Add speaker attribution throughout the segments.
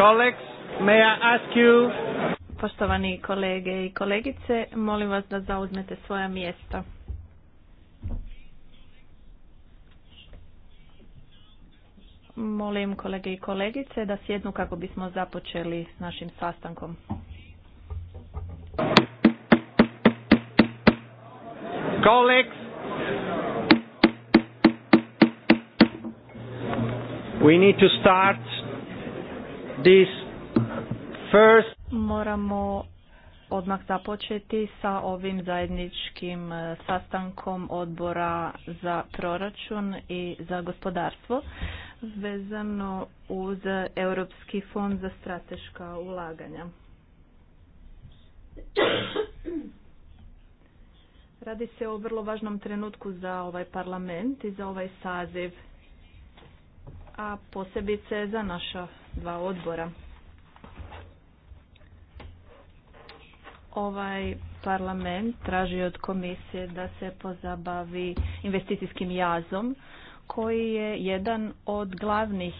Speaker 1: Colleagues, may I ask
Speaker 2: you... Poštovani kolege i kolegice, molim vas da zauzmete svoja mjesta. Molim kolege i kolegice da sjednu kako bismo započeli s našim sastankom.
Speaker 1: Colleagues, we need to start this first...
Speaker 2: Moramo odmah započeti sa ovim zajedničkim e, sastankom odbora za proračun i za gospodarstvo vezano uz Europski fond za strateška ulaganja. Radi se o vrlo važnom trenutku za ovaj parlament i za ovaj saziv, a posebice za naša dva odbora. Ovaj parlament traži od komisije da se pozabavi investicijskim jazom koji je jedan od glavnih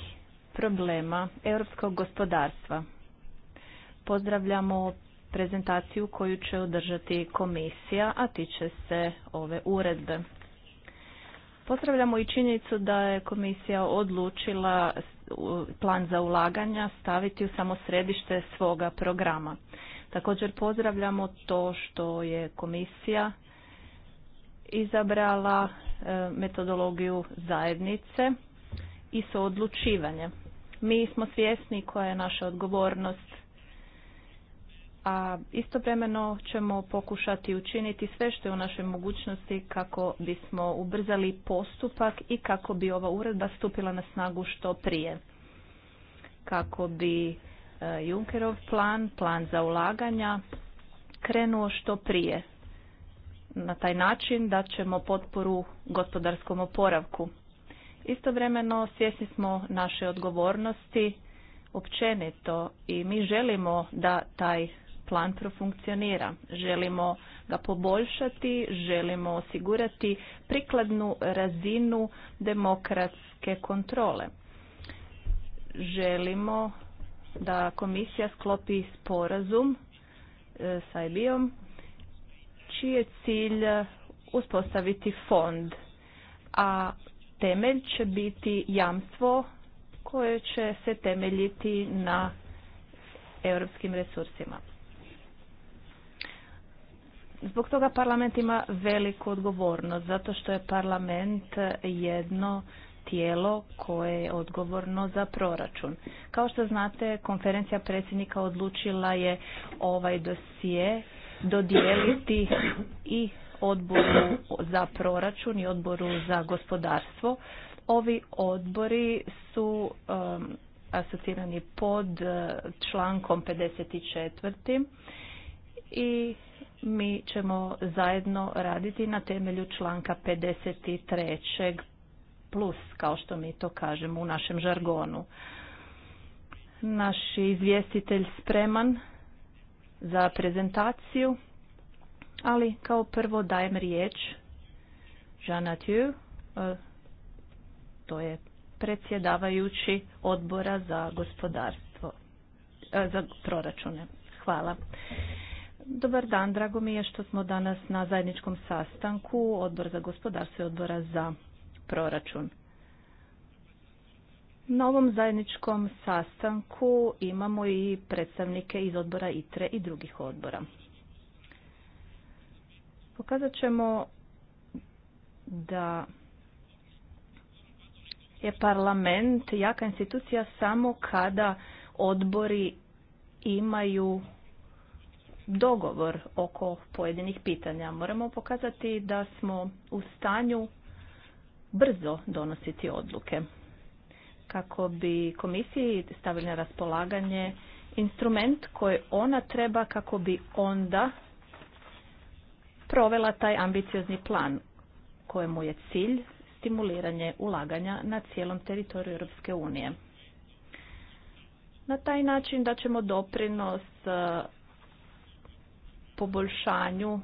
Speaker 2: problema europskog gospodarstva. Pozdravljamo prezentaciju koju će održati komisija, a tiče se ove uredbe. Pozdravljamo i činjenicu da je komisija odlučila plan za ulaganja staviti u samo središte svoga programa. Također pozdravljamo to što je komisija izabrala e, metodologiju zajednice i soodlučivanje. Mi smo svjesni koja je naša odgovornost a istovremeno ćemo pokušati učiniti sve što je u našoj mogućnosti kako bismo ubrzali postupak i kako bi ova uredba stupila na snagu što prije. Kako bi e, Junkerov plan, plan za ulaganja krenuo što prije. Na taj način da ćemo potporu gospodarskom oporavku. Istovremeno svjesni smo naše odgovornosti općenito i mi želimo da taj plan profunkcionira. Želimo ga poboljšati, želimo osigurati prikladnu razinu demokratske kontrole. Želimo da komisija sklopi sporazum e, sa EBI-om, čiji je cilj uspostaviti fond, a temelj će biti jamstvo koje će se temeljiti na europskim resursima. Zbog toga parlament ima veliku odgovornost, zato što je parlament jedno tijelo koje je odgovorno za proračun. Kao što znate, konferencija predsjednika odlučila je ovaj dosije dodijeliti i odboru za proračun i odboru za gospodarstvo. Ovi odbori su um, asocirani pod uh, člankom 54. i mi ćemo zajedno raditi na temelju članka 53. plus, kao što mi to kažemo u našem žargonu. Naš izvjestitelj spreman za prezentaciju, ali kao prvo dajem riječ Jean e, to je predsjedavajući odbora za gospodarstvo, e, za proračune. Hvala. Dobar dan, drago mi je što smo danas na zajedničkom sastanku Odbor za gospodarstvo i Odbora za proračun. Na ovom zajedničkom sastanku imamo i predstavnike iz odbora ITRE i drugih odbora. Pokazat ćemo da je parlament jaka institucija samo kada odbori imaju dogovor oko pojedinih pitanja. Moramo pokazati da smo u stanju brzo donositi odluke kako bi komisiji stavili na raspolaganje instrument koji ona treba kako bi onda provela taj ambiciozni plan kojemu je cilj stimuliranje ulaganja na cijelom teritoriju Europske unije. Na taj način ćemo doprinos poboljšanju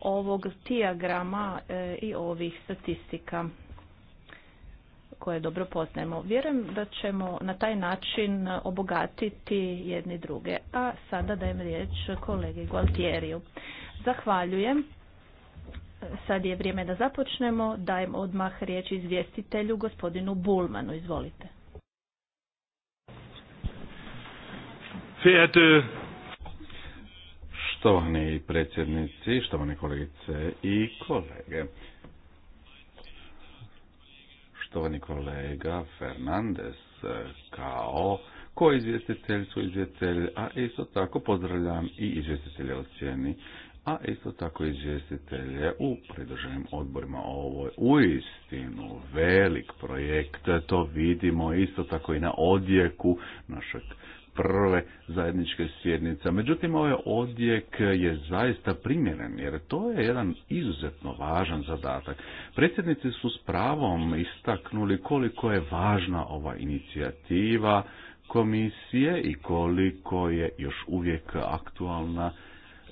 Speaker 2: ovog dijagrama e, i ovih statistika koje dobro poznajemo. Vjerujem da ćemo na taj način obogatiti jedni druge. A sada dajem riječ kolegi Gualtieriju. Zahvaljujem. Sad je vrijeme da započnemo. Dajem odmah riječ izvjestitelju gospodinu Bulmanu.
Speaker 3: Izvolite.
Speaker 1: Štovani predsjednici, štovani kolegice i kolege. Štovani kolega Fernandez kao ko izvjestitelj su izvjestitelj, a isto tako pozdravljam i izvjestitelje u a isto tako izvjestitelje u pridruženim odborima. Ovo je uistinu velik projekt, to vidimo isto tako i na odjeku našeg prve zajedničke sjednice. Međutim, ovaj odjek je zaista primjeren, jer to je jedan izuzetno važan zadatak. Predsjednici su s pravom istaknuli koliko je važna ova inicijativa komisije i koliko je još uvijek aktualna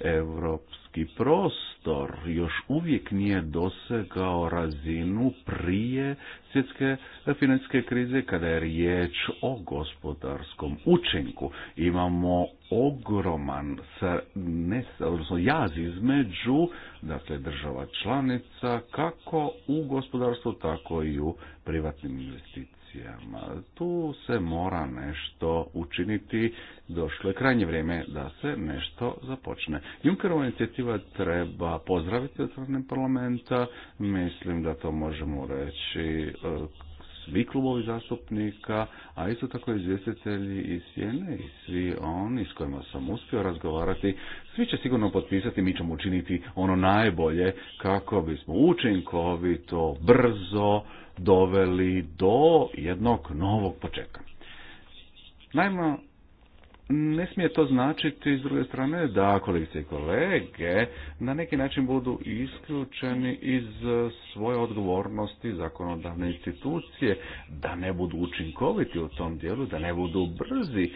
Speaker 1: Evropska i prostor još uvijek nije dosegao razinu prije svjetske financijske krize kada je riječ o gospodarskom učinku. Imamo ogroman odnosno jaz između dakle, država članica kako u gospodarstvu tako i u privatnim investicijama tu se mora nešto učiniti, došlo je krajnje vrijeme da se nešto započne. Junkerova inicijativa treba pozdraviti od strane parlamenta, mislim da to možemo reći e, svi klubovi zastupnika, a isto tako izvjestitelji i Sjene i svi oni s kojima sam uspio razgovarati, svi će sigurno potpisati, mi ćemo učiniti ono najbolje kako bismo učinkovito, brzo, doveli do jednog novog početka. Naime, ne smije to značiti s druge strane da kolegice i kolege na neki način budu isključeni iz eh, svoje odgovornosti zakonodavne institucije, da ne budu učinkoviti u tom dijelu, da ne budu brzi,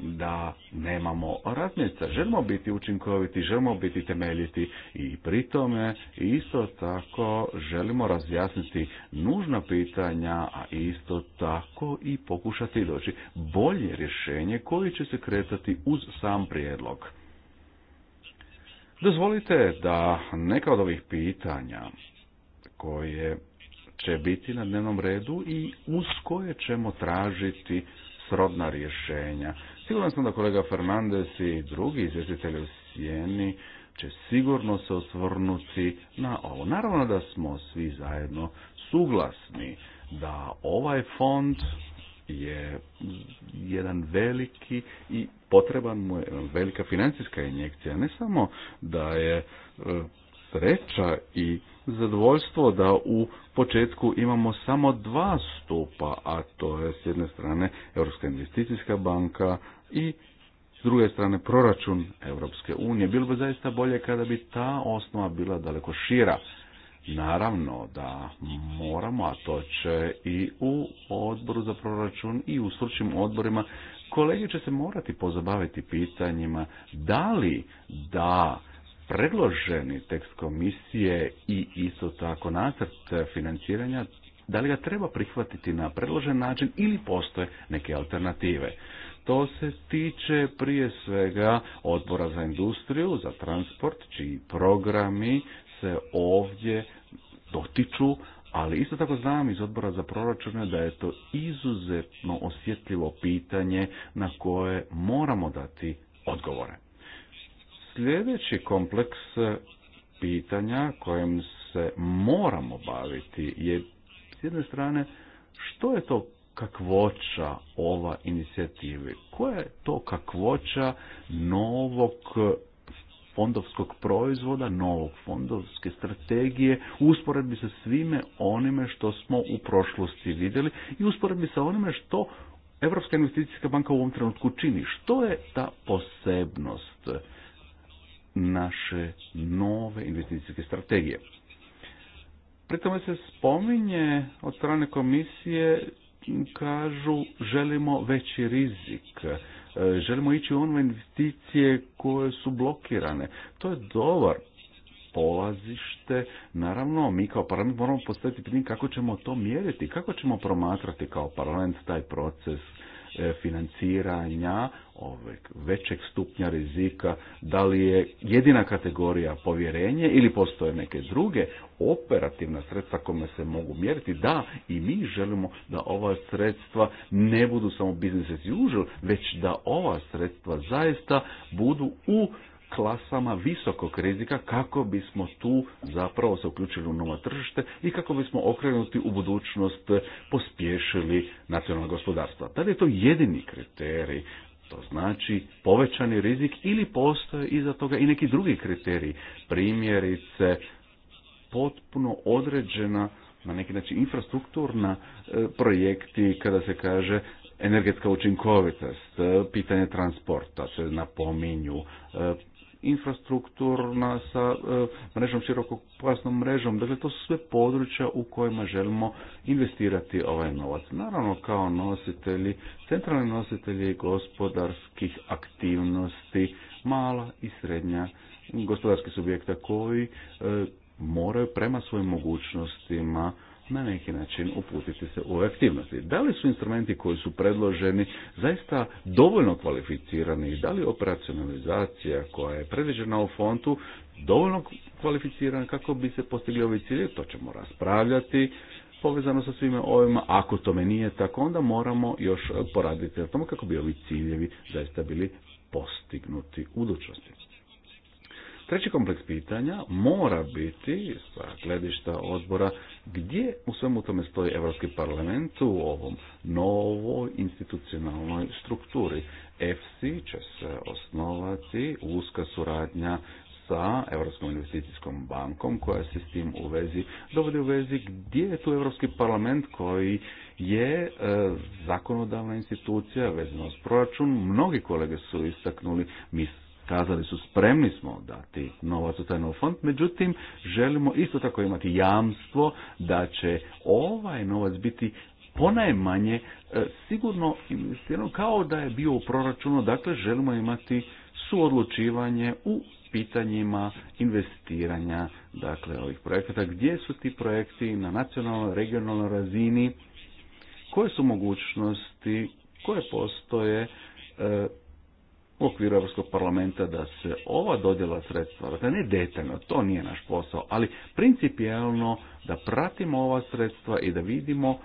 Speaker 1: da nemamo razmjeca. Želimo biti učinkoviti, želimo biti temeljiti i pri tome isto tako želimo razjasniti nužna pitanja, a isto tako i pokušati doći bolje rješenje koji će se kreći kretati uz sam prijedlog. Dozvolite da neka od ovih pitanja koje će biti na dnevnom redu i uz koje ćemo tražiti srodna rješenja. Sigurno sam da kolega Fernandez i drugi izvjestitelji u Sjeni će sigurno se osvrnuti na ovo. Naravno da smo svi zajedno suglasni da ovaj fond je jedan veliki i potreban mu je velika financijska injekcija. Ne samo da je e, sreća i zadovoljstvo da u početku imamo samo dva stupa, a to je s jedne strane Europska investicijska banka i s druge strane proračun Europske unije. Bilo bi zaista bolje kada bi ta osnova bila daleko šira Naravno da moramo, a to će i u odboru za proračun i u stručnim odborima, kolege će se morati pozabaviti pitanjima da li da predloženi tekst komisije i isto tako nacrt financiranja, da li ga treba prihvatiti na predložen način ili postoje neke alternative. To se tiče prije svega odbora za industriju, za transport, čiji programi se ovdje dotiču, ali isto tako znam iz odbora za proračune da je to izuzetno osjetljivo pitanje na koje moramo dati odgovore. Sljedeći kompleks pitanja kojem se moramo baviti je s jedne strane što je to kakvoća ova inicijative, koja je to kakvoća novog fondovskog proizvoda, novog fondovske strategije, usporedbi sa svime onime što smo u prošlosti vidjeli i usporedbi sa onime što Europska investicijska banka u ovom trenutku čini. Što je ta posebnost naše nove investicijske strategije? Pri tome se spominje od strane komisije kažu želimo veći rizik, e, želimo ići u one investicije koje su blokirane. To je dobar polazište. Naravno, mi kao parlament moramo postaviti pitanje kako ćemo to mjeriti, kako ćemo promatrati kao parlament taj proces E, financiranja ovog većeg stupnja rizika, da li je jedina kategorija povjerenje ili postoje neke druge operativna sredstva kome se mogu mjeriti. Da, i mi želimo da ova sredstva ne budu samo business as usual, već da ova sredstva zaista budu u klasama visokog rizika kako bismo tu zapravo se uključili u novo tržište i kako bismo okrenuti u budućnost eh, pospješili nacionalna gospodarstva. Da li je to jedini kriterij to znači povećani rizik ili postoje iza toga i neki drugi kriteriji, primjerice potpuno određena na neki način infrastrukturna eh, projekti kada se kaže energetska učinkovitost, eh, pitanje transporta se napominju, infrastrukturna sa e, mrežom širokog pojasnom mrežom. Dakle, to su sve područja u kojima želimo investirati ovaj novac. Naravno, kao nositelji, centralni nositelji gospodarskih aktivnosti, mala i srednja gospodarskih subjekta koji e, moraju prema svojim mogućnostima na neki način uputiti se u aktivnosti. Da li su instrumenti koji su predloženi zaista dovoljno kvalificirani i da li operacionalizacija koja je predviđena u fontu dovoljno kvalificirana kako bi se postigli ovi ciljevi, to ćemo raspravljati povezano sa svime ovima, ako tome nije tako, onda moramo još poraditi na tome kako bi ovi ciljevi zaista bili postignuti u budućnosti. Treći kompleks pitanja mora biti sa gledišta odbora gdje u svemu tome stoji Europski parlament u ovom novoj institucionalnoj strukturi. EFSI će se osnovati uska suradnja sa Europskom investicijskom bankom koja se s tim u vezi dovodi u vezi gdje je tu Europski parlament koji je e, zakonodavna institucija vezano s proračun. Mnogi kolege su istaknuli, mi kazali su spremni smo dati novac u taj fond, međutim želimo isto tako imati jamstvo da će ovaj novac biti ponajmanje e, sigurno investirano kao da je bio u proračunu, dakle želimo imati suodlučivanje u pitanjima investiranja dakle ovih projekata, gdje su ti projekti na nacionalnoj, regionalnoj razini, koje su mogućnosti, koje postoje, e, u okviru Europskog parlamenta da se ova dodjela sredstva, da dakle, ne detaljno, to nije naš posao, ali principijelno da pratimo ova sredstva i da vidimo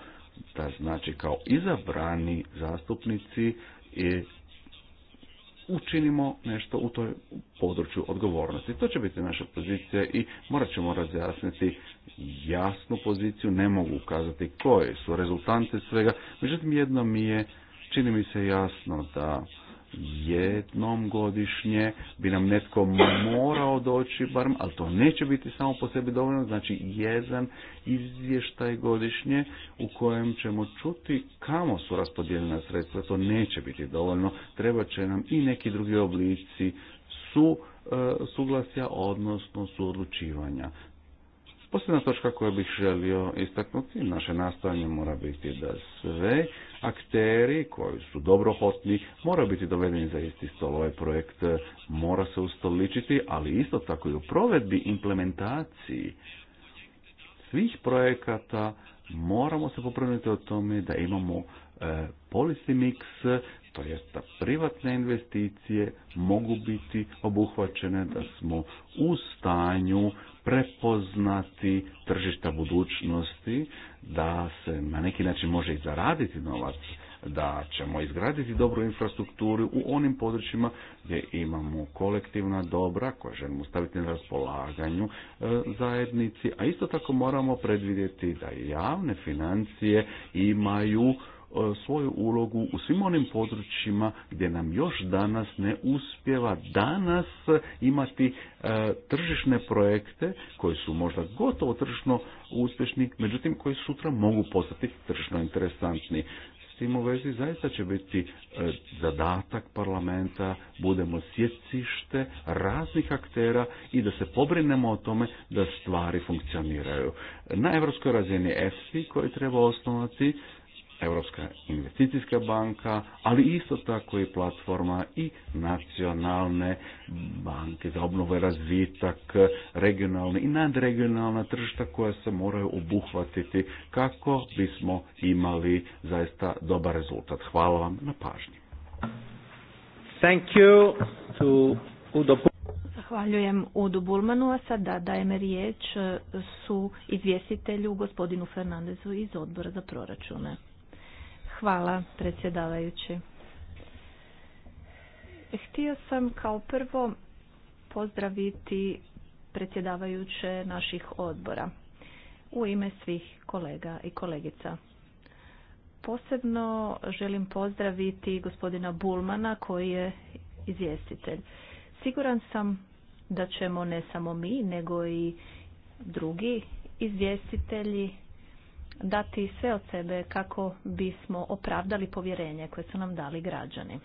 Speaker 1: da znači kao izabrani zastupnici i učinimo nešto u toj području odgovornosti. To će biti naša pozicija i morat ćemo razjasniti jasnu poziciju, ne mogu ukazati koje su rezultante svega. Međutim, jedno mi je, čini mi se jasno da jednom godišnje bi nam netko morao doći, barem, ali to neće biti samo po sebi dovoljno, znači jedan izvještaj godišnje u kojem ćemo čuti kamo su raspodijeljena sredstva, to neće biti dovoljno, treba će nam i neki drugi oblici su e, suglasja, odnosno odlučivanja. Posljedna točka koju bih želio istaknuti, naše nastojanje mora biti da sve akteri koji su dobrohotni moraju biti dovedeni za isti stol. Ovaj projekt e, mora se ustoličiti, ali isto tako i u provedbi implementaciji svih projekata moramo se popraviti o tome da imamo e, policy mix, to jest da privatne investicije mogu biti obuhvaćene, da smo u stanju prepoznati tržišta budućnosti, da se na neki način može i zaraditi novac, da ćemo izgraditi dobru infrastrukturu u onim područjima gdje imamo kolektivna dobra koja želimo staviti na raspolaganju e, zajednici, a isto tako moramo predvidjeti da javne financije imaju E, svoju ulogu u svim onim područjima gdje nam još danas ne uspjeva danas imati e, tržišne projekte koji su možda gotovo tržišno uspješni, međutim koji sutra mogu postati tržišno interesantni tim u vezi zaista će biti e, zadatak parlamenta, budemo sjecište raznih aktera i da se pobrinemo o tome da stvari funkcioniraju. Na evropskoj razini EFSI koji treba osnovati Europska investicijska banka, ali isto tako i platforma i nacionalne banke za obnovu i razvitak, regionalne i nadregionalna tržišta koja se moraju obuhvatiti kako bismo imali zaista dobar rezultat. Hvala vam na pažnji. Thank you to Udo
Speaker 2: Zahvaljujem Udu Bulmanu, a sada dajem riječ e, su izvjestitelju gospodinu Fernandezu iz odbora za proračune. Hvala, predsjedavajući. Htio sam kao prvo pozdraviti predsjedavajuće naših odbora u ime svih kolega i kolegica. Posebno želim pozdraviti gospodina Bulmana koji je izvjestitelj. Siguran sam da ćemo ne samo mi nego i drugi izvjestitelji dati sve od sebe kako bismo opravdali povjerenje koje su nam dali građani.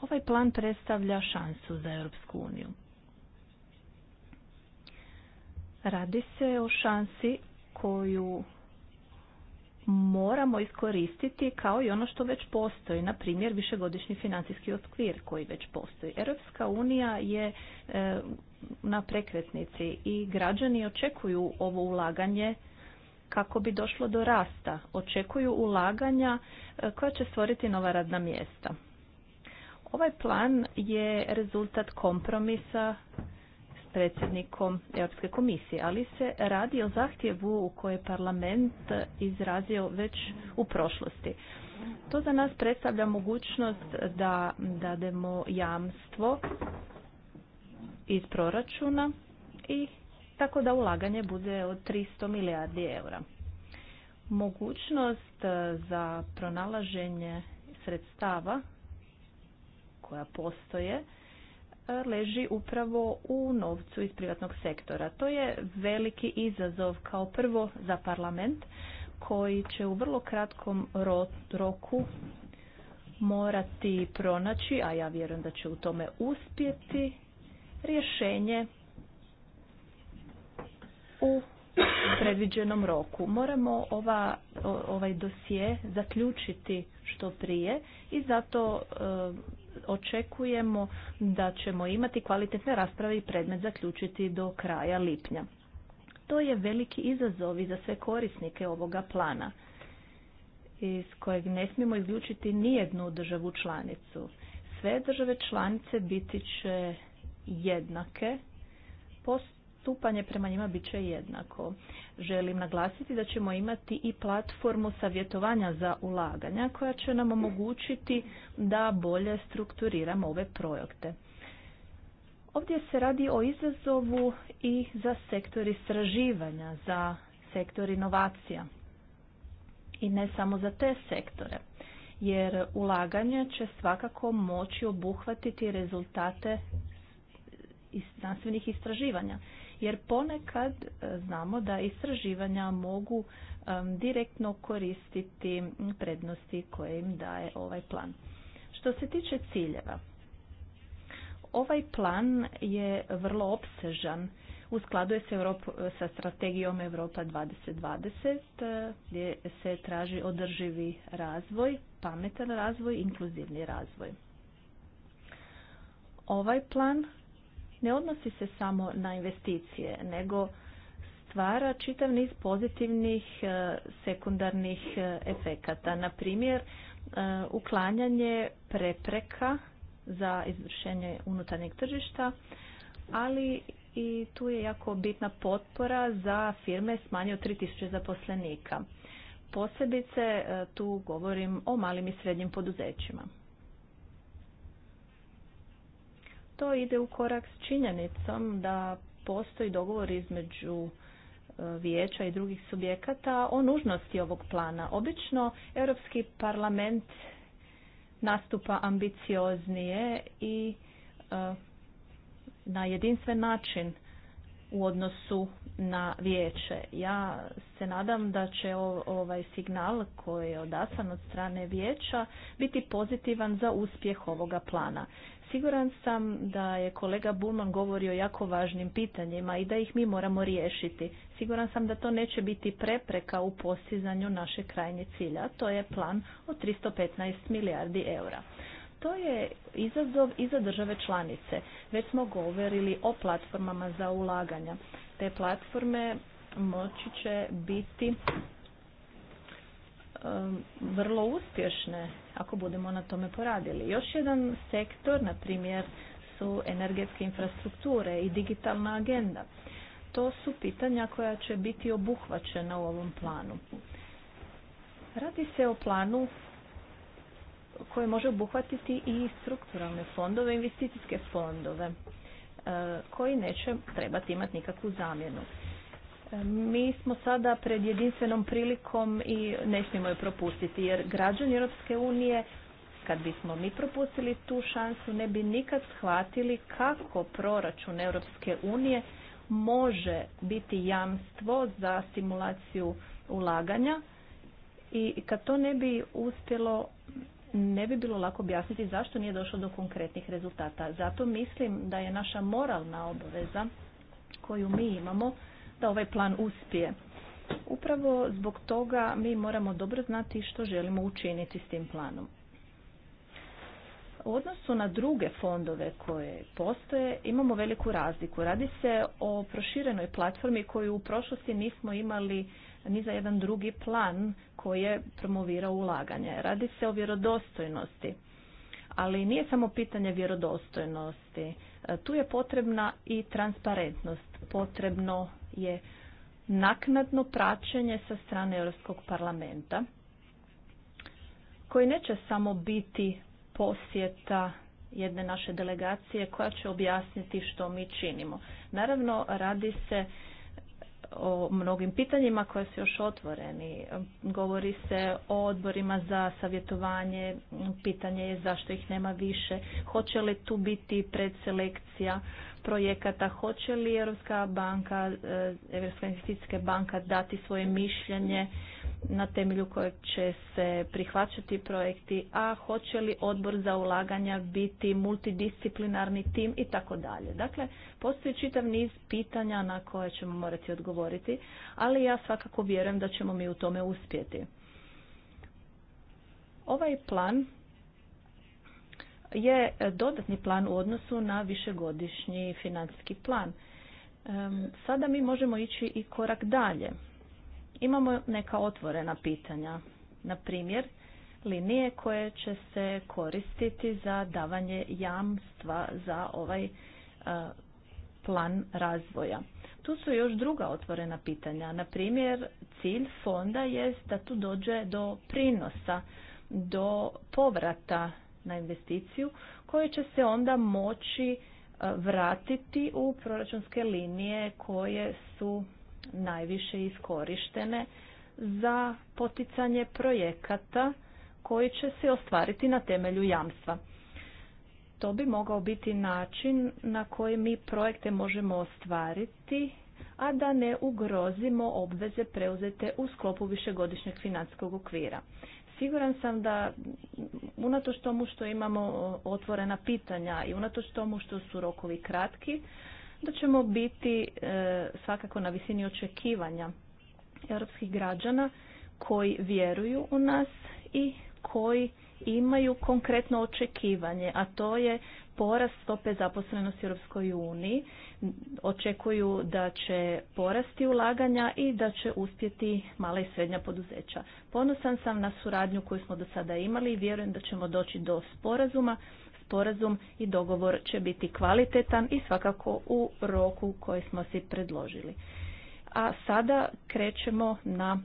Speaker 2: Ovaj plan predstavlja šansu za Europsku uniju. Radi se o šansi koju moramo iskoristiti kao i ono što već postoji, na primjer višegodišnji financijski okvir koji već postoji. Europska unija je e, na prekretnici i građani očekuju ovo ulaganje kako bi došlo do rasta. Očekuju ulaganja e, koja će stvoriti nova radna mjesta. Ovaj plan je rezultat kompromisa s predsjednikom Europske komisije, ali se radi o zahtjevu u koje je parlament izrazio već u prošlosti. To za nas predstavlja mogućnost da dademo jamstvo iz proračuna i tako da ulaganje bude od 300 milijardi eura. Mogućnost e, za pronalaženje sredstava koja postoje e, leži upravo u novcu iz privatnog sektora. To je veliki izazov kao prvo za parlament koji će u vrlo kratkom roku morati pronaći, a ja vjerujem da će u tome uspjeti, rješenje u predviđenom roku. Moramo ova, ovaj dosje zaključiti što prije i zato e, očekujemo da ćemo imati kvalitetne rasprave i predmet zaključiti do kraja lipnja. To je veliki izazov i za sve korisnike ovoga plana iz kojeg ne smijemo izključiti jednu državu članicu. Sve države članice biti će jednake, postupanje prema njima bit će jednako. Želim naglasiti da ćemo imati i platformu savjetovanja za ulaganja koja će nam omogućiti da bolje strukturiramo ove projekte. Ovdje se radi o izazovu i za sektor istraživanja, za sektor inovacija. I ne samo za te sektore, jer ulaganje će svakako moći obuhvatiti rezultate znanstvenih istraživanja. Jer ponekad e, znamo da istraživanja mogu direktno koristiti prednosti koje im daje ovaj plan. Što se tiče ciljeva, ovaj plan je vrlo opsežan u skladu je s sa strategijom Europa 2020 e, gdje se traži održivi razvoj, pametan razvoj, inkluzivni razvoj. Ovaj plan ne odnosi se samo na investicije, nego stvara čitav niz pozitivnih e, sekundarnih e, efekata. Na primjer, e, uklanjanje prepreka za izvršenje unutarnjeg tržišta, ali i tu je jako bitna potpora za firme s manje od 3000 zaposlenika. Posebice tu govorim o malim i srednjim poduzećima. to ide u korak s činjenicom da postoji dogovor između e, vijeća i drugih subjekata o nužnosti ovog plana. Obično Europski parlament nastupa ambicioznije i e, na jedinstven način u odnosu na vijeće. Ja se nadam da će ovaj signal koji je odasan od strane vijeća biti pozitivan za uspjeh ovoga plana. Siguran sam da je kolega Bulman govorio o jako važnim pitanjima i da ih mi moramo riješiti. Siguran sam da to neće biti prepreka u postizanju naše krajnje cilja. To je plan od 315 milijardi eura. To je izazov i za države članice. Već smo govorili o platformama za ulaganja. Te platforme moći će biti vrlo uspješne ako budemo na tome poradili. Još jedan sektor, na primjer, su energetske infrastrukture i digitalna agenda. To su pitanja koja će biti obuhvaćena u ovom planu. Radi se o planu koji može obuhvatiti i strukturalne fondove, investicijske fondove e, koji neće trebati imati nikakvu zamjenu. Mi smo sada pred jedinstvenom prilikom i ne smijemo je propustiti jer građani Europske unije kad bismo mi propustili tu šansu ne bi nikad shvatili kako proračun Europske unije može biti jamstvo za stimulaciju ulaganja i kad to ne bi uspjelo ne bi bilo lako objasniti zašto nije došlo do konkretnih rezultata. Zato mislim da je naša moralna obaveza koju mi imamo da ovaj plan uspije. Upravo zbog toga mi moramo dobro znati što želimo učiniti s tim planom. U odnosu na druge fondove koje postoje imamo veliku razliku. Radi se o proširenoj platformi koju u prošlosti nismo imali ni za jedan drugi plan koji je promovirao ulaganje. Radi se o vjerodostojnosti. Ali nije samo pitanje vjerodostojnosti. E, tu je potrebna i transparentnost. Potrebno je naknadno praćenje sa strane Europskog parlamenta koji neće samo biti posjeta jedne naše delegacije koja će objasniti što mi činimo. Naravno, radi se o mnogim pitanjima koje su još otvoreni. Govori se o odborima za savjetovanje, pitanje je zašto ih nema više, hoće li tu biti predselekcija, projekata. Hoće li Europska banka, e, Europska investicijska banka dati svoje mišljenje na temelju koje će se prihvaćati projekti, a hoće li odbor za ulaganja biti multidisciplinarni tim i tako dalje. Dakle, postoji čitav niz pitanja na koje ćemo morati odgovoriti, ali ja svakako vjerujem da ćemo mi u tome uspjeti. Ovaj plan je dodatni plan u odnosu na višegodišnji financijski plan. Sada mi možemo ići i korak dalje. Imamo neka otvorena pitanja, na primjer linije koje će se koristiti za davanje jamstva za ovaj e, plan razvoja. Tu su još druga otvorena pitanja. Na primjer, cilj fonda je da tu dođe do prinosa, do povrata na investiciju koje će se onda moći e, vratiti u proračunske linije koje su najviše iskorištene za poticanje projekata koji će se ostvariti na temelju jamstva. To bi mogao biti način na koji mi projekte možemo ostvariti, a da ne ugrozimo obveze preuzete u sklopu višegodišnjeg financijskog okvira. Siguran sam da unatoč tomu što imamo otvorena pitanja i unatoč tomu što su rokovi kratki, da ćemo biti e, svakako na visini očekivanja europskih građana koji vjeruju u nas i koji imaju konkretno očekivanje, a to je porast stope zaposlenosti u Europskoj uniji očekuju da će porasti ulaganja i da će uspjeti mala i srednja poduzeća. Ponosan sam na suradnju koju smo do sada imali i vjerujem da ćemo doći do sporazuma. Sporazum i dogovor će biti kvalitetan i svakako u roku koji smo si predložili. A sada krećemo na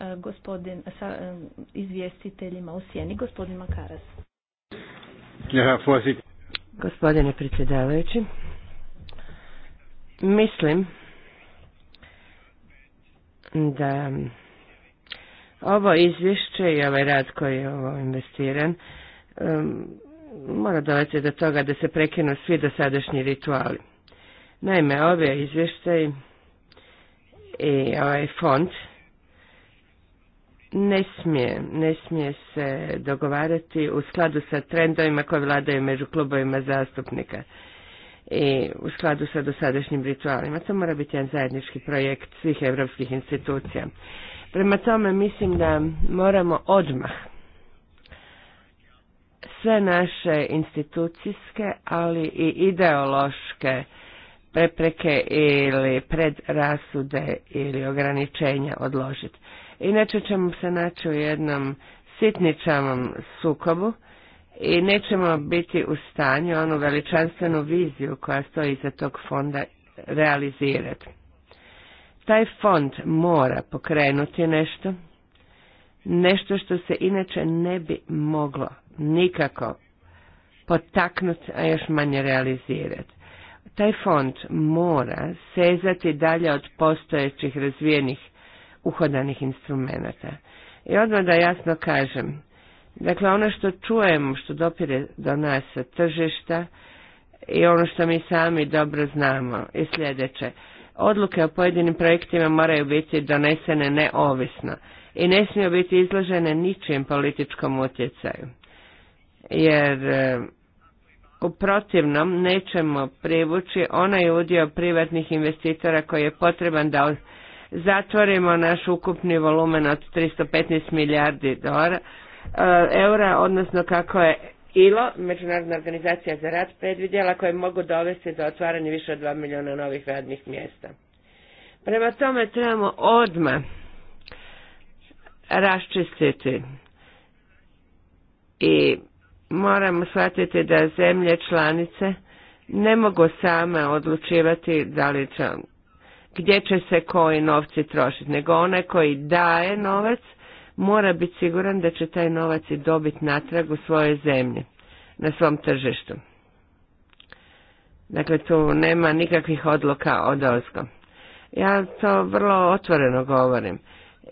Speaker 2: e, gospodin, sa e, izvjestiteljima u sjeni, gospodin Makaras.
Speaker 4: Gospodine predsjedavajući, Mislim da ovo izvješće i ovaj rad koji je ovo investiran um, mora dovesti do toga da se prekinu svi dosadašnji rituali. Naime, ove izvještaj i ovaj fond ne smije, ne smije se dogovarati u skladu sa trendovima koje vladaju među klubovima zastupnika i u skladu sa dosadašnjim ritualima. To mora biti jedan zajednički projekt svih evropskih institucija. Prema tome mislim da moramo odmah sve naše institucijske, ali i ideološke prepreke ili predrasude ili ograničenja odložiti. Inače ćemo se naći u jednom sitničavom sukobu i nećemo biti u stanju onu veličanstvenu viziju koja stoji iza tog fonda realizirati. Taj fond mora pokrenuti nešto, nešto što se inače ne bi moglo nikako potaknuti, a još manje realizirati. Taj fond mora sezati dalje od postojećih razvijenih uhodanih instrumenta. I odmah da jasno kažem, Dakle, ono što čujemo, što dopire do nas sa tržišta i ono što mi sami dobro znamo je sljedeće. Odluke o pojedinim projektima moraju biti donesene neovisno i ne smiju biti izložene ničim političkom utjecaju. Jer e, u protivnom nećemo privući onaj udio privatnih investitora koji je potreban da zatvorimo naš ukupni volumen od 315 milijardi dolara Eh, eura, odnosno kako je ILO, Međunarodna organizacija za rad, predvidjela koje mogu dovesti do otvaranja više od 2 milijuna novih radnih mjesta. Prema tome trebamo odmah raščistiti i moramo shvatiti da zemlje članice ne mogu same odlučivati da li će, gdje će se koji novci trošiti, nego onaj koji daje novac mora biti siguran da će taj novac i dobiti natrag u svojoj zemlji, na svom tržištu. Dakle, tu nema nikakvih odluka od ozgo. Ja to vrlo otvoreno govorim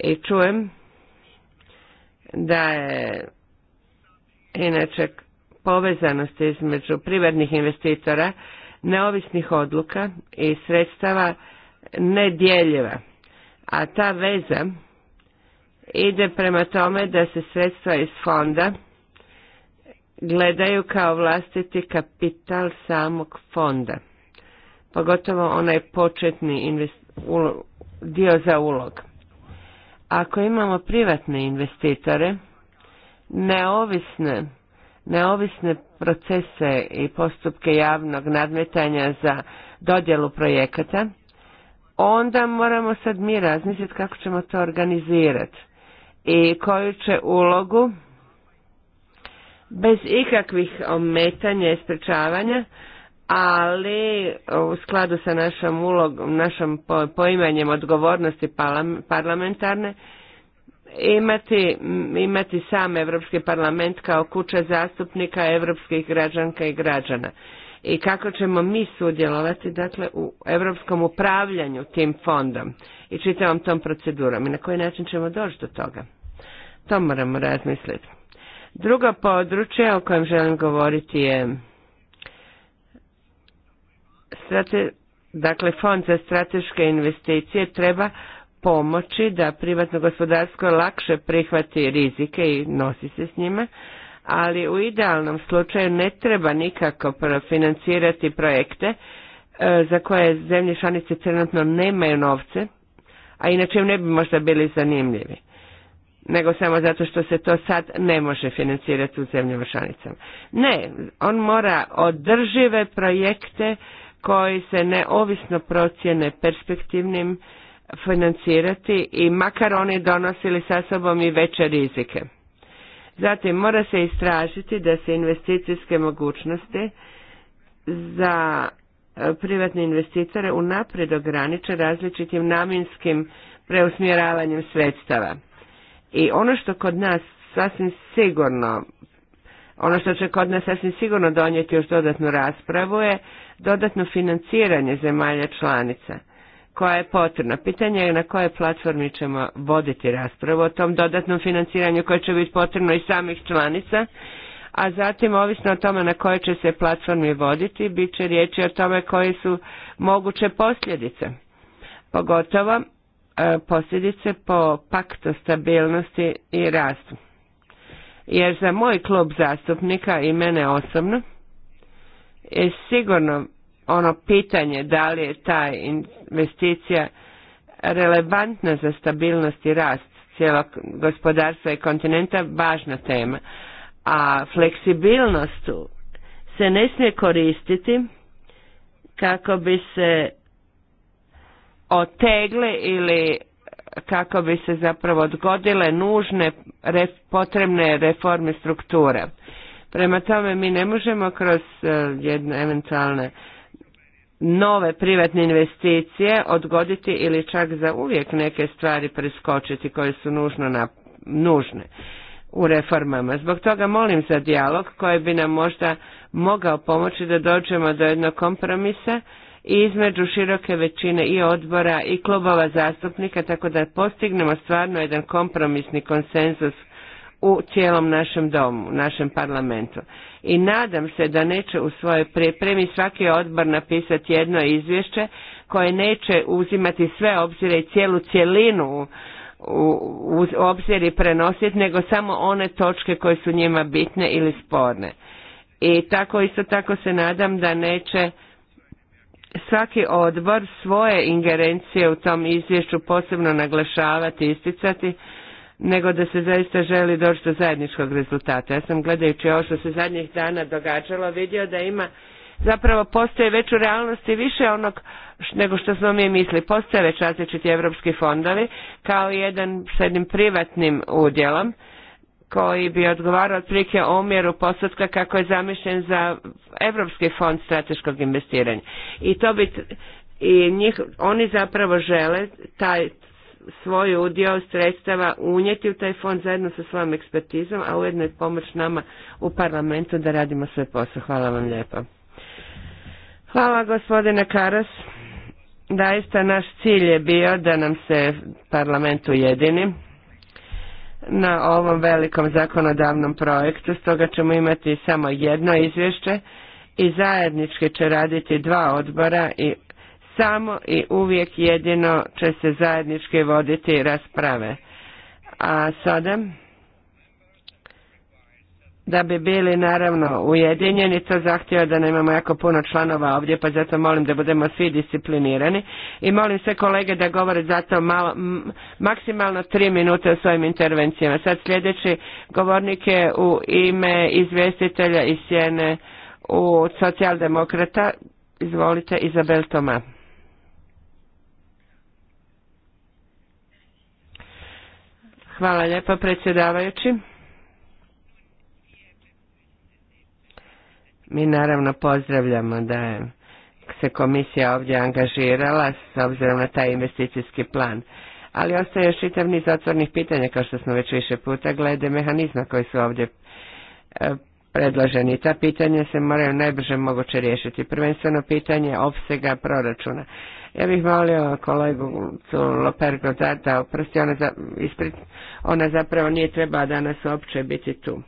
Speaker 4: i čujem da je inače povezanost između privrednih investitora, neovisnih odluka i sredstava nedjeljiva. A ta veza ide prema tome da se sredstva iz fonda gledaju kao vlastiti kapital samog fonda. Pogotovo onaj početni dio za ulog. Ako imamo privatne investitore, neovisne, neovisne procese i postupke javnog nadmetanja za dodjelu projekata, onda moramo sad mi razmisliti kako ćemo to organizirati i koju će ulogu bez ikakvih ometanja i sprečavanja, ali u skladu sa našom ulogom, našom poimanjem odgovornosti parlamentarne, imati, imati sam Evropski parlament kao kuća zastupnika evropskih građanka i građana. I kako ćemo mi sudjelovati dakle, u evropskom upravljanju tim fondom i čitavom tom procedurom i na koji način ćemo doći do toga. To moramo razmisliti. Druga područja o kojem želim govoriti je dakle fond za strateške investicije treba pomoći da privatno gospodarstvo lakše prihvati rizike i nosi se s njima, ali u idealnom slučaju ne treba nikako financirati projekte e, za koje zemlje članice trenutno nemaju novce, a inače im ne bi možda bili zanimljivi nego samo zato što se to sad ne može financirati u zemljama članicama. Ne, on mora održive projekte koji se neovisno procjene perspektivnim financirati i makar oni donosili sa sobom i veće rizike. Zatim mora se istražiti da se investicijske mogućnosti za e, privatne investitore unaprijed ograniče različitim namjenskim preusmjeravanjem sredstava. I ono što kod nas sasvim sigurno ono što će kod nas sasvim sigurno donijeti još dodatnu raspravu je dodatno financiranje zemalja članica koja je potrebna. Pitanje je na koje platformi ćemo voditi raspravu o tom dodatnom financiranju koje će biti potrebno i samih članica, a zatim ovisno o tome na koje će se platformi voditi, bit će riječi o tome koje su moguće posljedice. Pogotovo E, posljedice po paktu stabilnosti i rastu. Jer za moj klub zastupnika i mene osobno je sigurno ono pitanje da li je ta investicija relevantna za stabilnost i rast cijelog gospodarstva i kontinenta važna tema. A fleksibilnost se ne smije koristiti kako bi se otegle ili kako bi se zapravo odgodile nužne potrebne reforme struktura. Prema tome mi ne možemo kroz e, jedne eventualne nove privatne investicije odgoditi ili čak za uvijek neke stvari preskočiti koje su nužno na, nužne u reformama. Zbog toga molim za dijalog koji bi nam možda mogao pomoći da dođemo do jednog kompromisa i između široke većine i odbora i klubova zastupnika, tako da postignemo stvarno jedan kompromisni konsenzus u cijelom našem domu, našem parlamentu. I nadam se da neće u svojoj pripremi svaki odbor napisati jedno izvješće koje neće uzimati sve obzire i cijelu cjelinu u obzir i prenositi, nego samo one točke koje su njima bitne ili sporne. I tako isto tako se nadam da neće svaki odbor svoje ingerencije u tom izvješću posebno naglašavati isticati, nego da se zaista želi doći do zajedničkog rezultata. Ja sam gledajući ovo što se zadnjih dana događalo vidio da ima zapravo postoje već u realnosti više onog nego što smo mi misli. Postoje već različiti evropski fondovi kao jedan s jednim privatnim udjelom koji bi odgovarao otprilike omjeru postotka kako je zamišljen za Europski fond strateškog investiranja. I to bi i njih, oni zapravo žele taj svoj udio sredstava unijeti u taj fond zajedno sa svojom ekspertizom, a ujedno je pomoć nama u parlamentu da radimo sve posao. Hvala vam lijepo. Hvala gospodine Karas. Daista naš cilj je bio da nam se parlament ujedini na ovom velikom zakonodavnom projektu, stoga ćemo imati samo jedno izvješće i zajednički će raditi dva odbora i samo i uvijek jedino će se zajednički voditi rasprave. A sada da bi bili naravno ujedinjeni, to zahtjeva da nemamo jako puno članova ovdje, pa zato molim da budemo svi disciplinirani i molim sve kolege da govore zato maksimalno tri minute o svojim intervencijama. Sad sljedeći govornik je u ime izvjestitelja iz Sjene u socijaldemokrata, izvolite Izabel Toma. Hvala lijepo predsjedavajući. Mi naravno pozdravljamo da se komisija ovdje angažirala s obzirom na taj investicijski plan. Ali ostaje još čitav niz otvornih pitanja, kao što smo već više puta, glede mehanizma koji su ovdje e, predloženi. Ta pitanja se moraju najbrže moguće riješiti. Prvenstveno pitanje opsega proračuna. Ja bih molio kolegu Lopergo da oprosti, ona, ona zapravo nije trebala danas uopće biti tu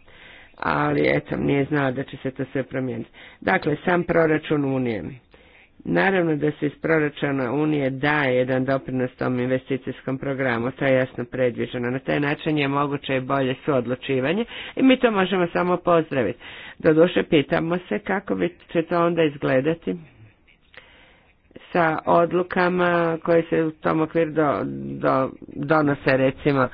Speaker 4: ali eto, nije znao da će se to sve promijeniti. Dakle, sam proračun Unije. Naravno da se iz proračuna Unije daje jedan doprinos tom investicijskom programu, to je jasno predviđeno. Na taj način je moguće i bolje suodlučivanje i mi to možemo samo pozdraviti. Doduše, pitamo se kako će to onda izgledati sa odlukama koje se u tom okviru do, do, donose recimo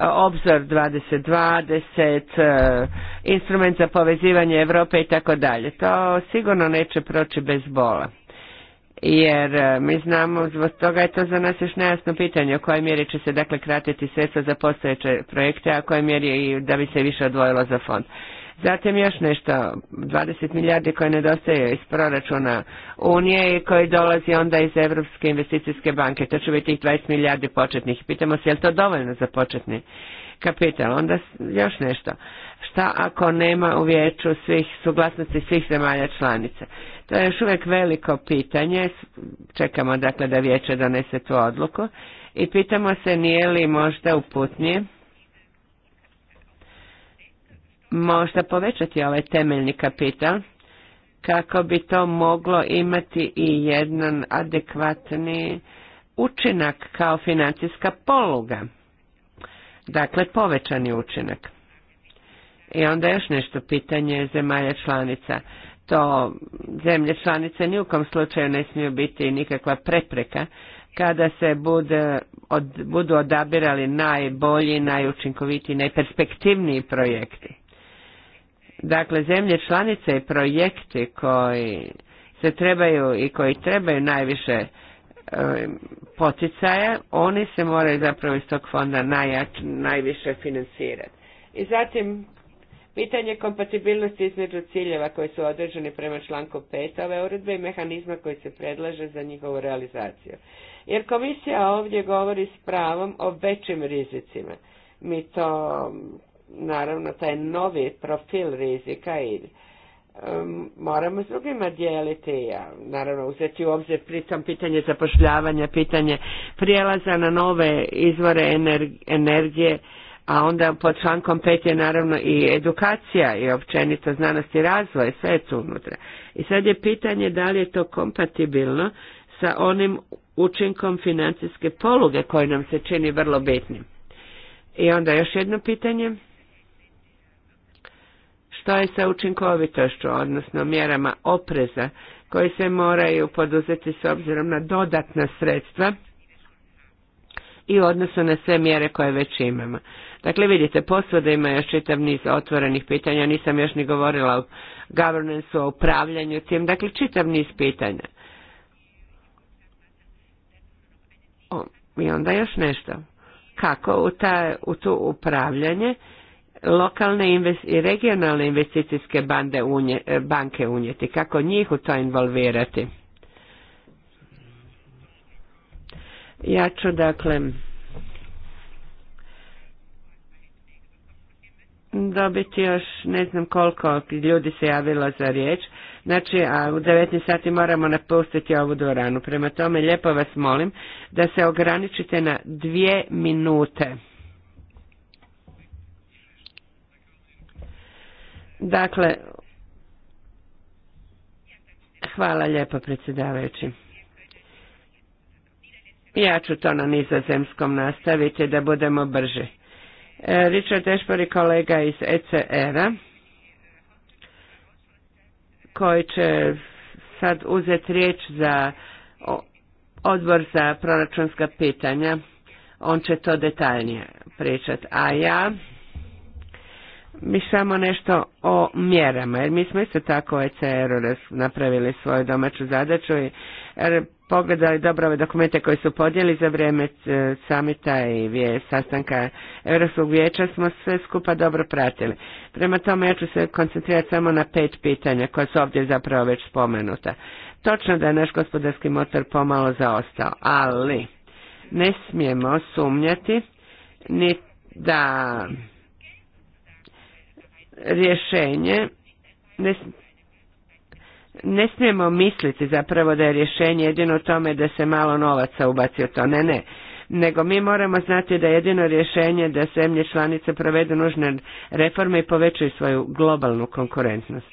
Speaker 4: obzor 2020 e, instrument za povezivanje Europe i tako dalje to sigurno neće proći bez bola jer e, mi znamo zbog toga je to za nas još nejasno pitanje o kojoj mjeri će se dakle kratiti sredstva za postojeće projekte a koje kojoj mjeri da bi se više odvojilo za fond Zatim još nešto, 20 milijardi koje nedostaje iz proračuna Unije i koji dolazi onda iz Europske investicijske banke. To će biti tih 20 milijardi početnih. Pitamo se je li to dovoljno za početni kapital. Onda još nešto. Šta ako nema u vijeću svih suglasnosti svih zemalja članica? To je još uvijek veliko pitanje. Čekamo dakle da vijeće donese tu odluku. I pitamo se nije li možda uputnije možda povećati ovaj temeljni kapital kako bi to moglo imati i jedan adekvatni učinak kao financijska poluga. Dakle, povećani učinak. I onda još nešto pitanje zemalja članica. To zemlje članice ni u kom slučaju ne smiju biti nikakva prepreka kada se bude, od, budu odabirali najbolji, najučinkovitiji, najperspektivniji projekti. Dakle, zemlje članice i projekti koji se trebaju i koji trebaju najviše e, poticaja, oni se moraju zapravo iz tog fonda najviše financirati. I zatim, pitanje kompatibilnosti između ciljeva koji su određeni prema članku 5 ove uredbe i mehanizma koji se predlaže za njihovu realizaciju. Jer komisija ovdje govori s pravom o većim rizicima. Mi to naravno taj novi profil rizika i moramo s drugima dijeliti, a naravno uzeti u obzir pritom pitanje zapošljavanja, pitanje prijelaza na nove izvore energije, a onda pod člankom pet je naravno i edukacija i općenito znanost i razvoj, sve je tu unutra. I sad je pitanje da li je to kompatibilno sa onim učinkom financijske poluge koji nam se čini vrlo bitnim. I onda još jedno pitanje što je sa učinkovitošću, odnosno mjerama opreza koje se moraju poduzeti s obzirom na dodatna sredstva i u odnosu na sve mjere koje već imamo. Dakle, vidite, posvuda ima još čitav niz otvorenih pitanja, nisam još ni govorila o governanceu, o upravljanju tim, dakle, čitav niz pitanja. O, I onda još nešto. Kako u, ta, u to upravljanje lokalne i regionalne investicijske bande unje, e, banke unijeti, kako njih u to involvirati. Ja ću dakle dobiti još ne znam koliko ljudi se javilo za riječ. Znači, a u 19 sati moramo napustiti ovu dvoranu. Prema tome, lijepo vas molim da se ograničite na dvije minute. Dakle, hvala lijepo predsjedavajući. Ja ću to na nizozemskom nastaviti da budemo brži. E, Richard je kolega iz ECR-a, koji će sad uzeti riječ za odbor za proračunska pitanja, on će to detaljnije pričati. A ja mi samo nešto o mjerama, jer mi smo isto tako ECR-u napravili svoju domaću zadaću i er, pogledali dobro ove dokumente koje su podijeli za vrijeme e, samita i sastanka Europskog vijeća smo sve skupa dobro pratili. Prema tome ja ću se koncentrirati samo na pet pitanja koja su ovdje zapravo već spomenuta. Točno da je naš gospodarski motor pomalo zaostao, ali ne smijemo sumnjati ni da rješenje ne, ne smijemo misliti zapravo da je rješenje jedino tome da se malo novaca ubaci u to, ne, ne nego mi moramo znati da je jedino rješenje da zemlje članice provedu nužne reforme i povećaju svoju globalnu konkurentnost.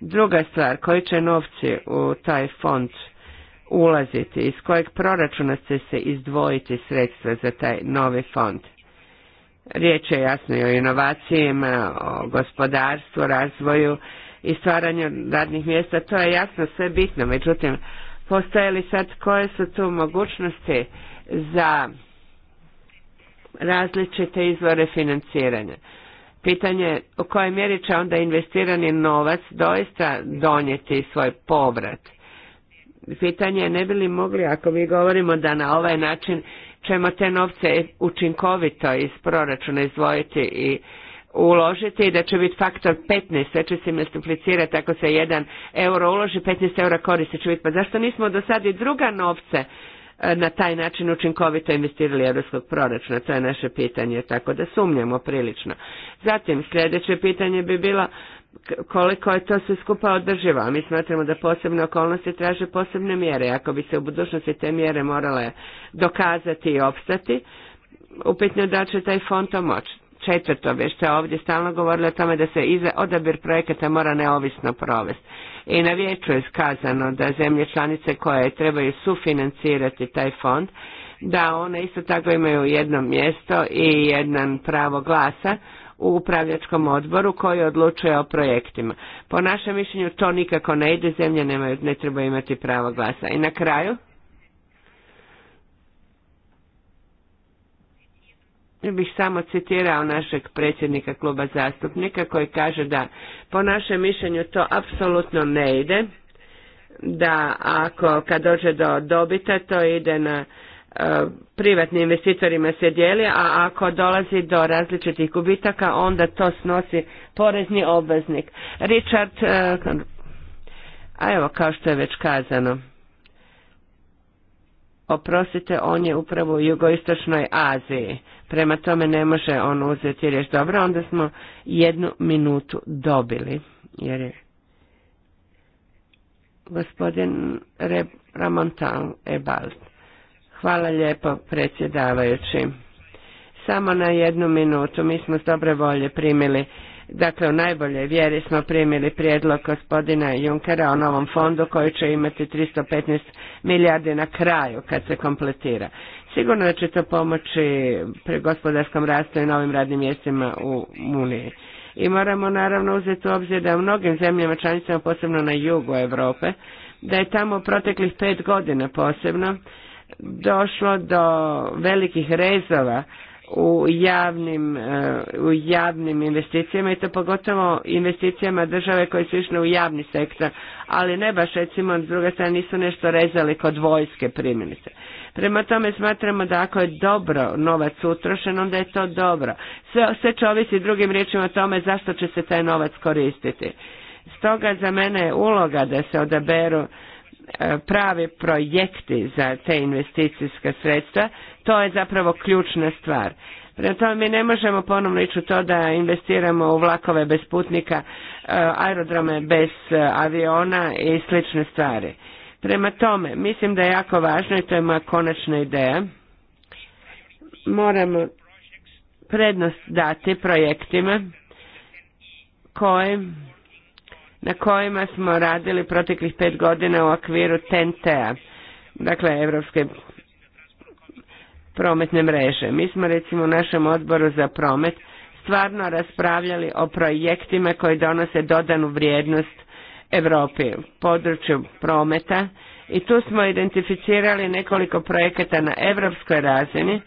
Speaker 4: Druga stvar, koji će novci u taj fond ulaziti, iz kojeg proračuna će se izdvojiti sredstva za taj novi fond. Riječ je jasno i o inovacijama, o gospodarstvu, razvoju i stvaranju radnih mjesta, to je jasno sve bitno. Međutim, postoje li sad koje su tu mogućnosti za različite izvore financiranja? Pitanje u kojoj mjeri će onda investirani novac doista donijeti svoj povrat. Pitanje ne bi li mogli, ako mi govorimo da na ovaj način ćemo te novce učinkovito iz proračuna izdvojiti i uložiti i da će biti faktor 15, sve će se multiplicirati ako se jedan euro uloži, 15 eura koristi će biti. Pa zašto nismo do sada i druga novce e, na taj način učinkovito investirali europskog proračuna, to je naše pitanje, tako da sumnjamo prilično. Zatim, sljedeće pitanje bi bilo koliko je to sve skupa održivo, a mi smatramo da posebne okolnosti traže posebne mjere. Ako bi se u budućnosti te mjere morale dokazati i opstati, upitno da će taj fond to moći. Četvrto, već ste ovdje stalno govorili o tome da se iza odabir projekata mora neovisno provesti. I na vijeću je skazano da zemlje članice koje trebaju sufinancirati taj fond, da one isto tako imaju jedno mjesto i jedan pravo glasa u upravljačkom odboru koji odlučuje o projektima. Po našem mišljenju to nikako ne ide, zemlje nemaju, ne treba imati pravo glasa. I na kraju, bih samo citirao našeg predsjednika kluba zastupnika koji kaže da po našem mišljenju to apsolutno ne ide, da ako kad dođe do dobita to ide na privatnim investitorima se dijeli, a ako dolazi do različitih gubitaka, onda to snosi porezni obveznik. Richard, e, a evo kao što je već kazano, oprostite, on je upravo u jugoistočnoj Aziji, prema tome ne može on uzeti riječ. Dobro, onda smo jednu minutu dobili, jer je gospodin Ramontan Hvala lijepo predsjedavajući. Samo na jednu minutu, mi smo s dobre volje primili, dakle u najboljoj vjeri smo primili prijedlog gospodina Junkera o novom fondu koji će imati 315 milijardi na kraju kad se kompletira. Sigurno da će to pomoći pri gospodarskom rastu i novim radnim mjestima u Uniji. I moramo naravno uzeti u obzir da u mnogim zemljama članicama, posebno na jugu Europe, da je tamo proteklih pet godina posebno, došlo do velikih rezova u javnim, e, u javnim investicijama i to pogotovo investicijama države koje su išle u javni sektor, ali ne baš recimo s druge strane nisu nešto rezali kod vojske primjenice. Prema tome smatramo da ako je dobro novac utrošen, onda je to dobro. Sve, sve će ovisi drugim riječima o tome zašto će se taj novac koristiti. Stoga za mene je uloga da se odaberu E, pravi projekti za te investicijska sredstva, to je zapravo ključna stvar. Prema tome mi ne možemo ponovno ići u to da investiramo u vlakove bez putnika, e, aerodrome bez e, aviona i slične stvari. Prema tome, mislim da je jako važno i to je moja konačna ideja. Moramo prednost dati projektima koje na kojima smo radili proteklih pet godina u okviru TNT-a, dakle Evropske prometne mreže. Mi smo recimo u našem odboru za promet stvarno raspravljali o projektima koji donose dodanu vrijednost Europi u području prometa i tu smo identificirali nekoliko projekata na europskoj razini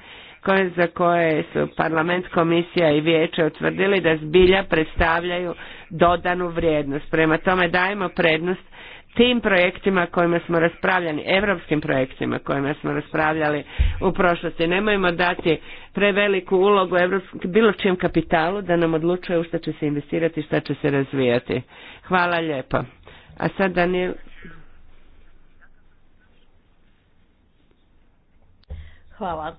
Speaker 4: koje, za koje su parlament, komisija i vijeće utvrdili da zbilja predstavljaju dodanu vrijednost. Prema tome dajemo prednost tim projektima kojima smo raspravljali, evropskim projektima kojima smo raspravljali u prošlosti. Nemojmo dati preveliku ulogu bilo čijem kapitalu da nam odlučuje u što će se investirati i što će se razvijati. Hvala lijepo. A sad Daniel...
Speaker 3: Hvala.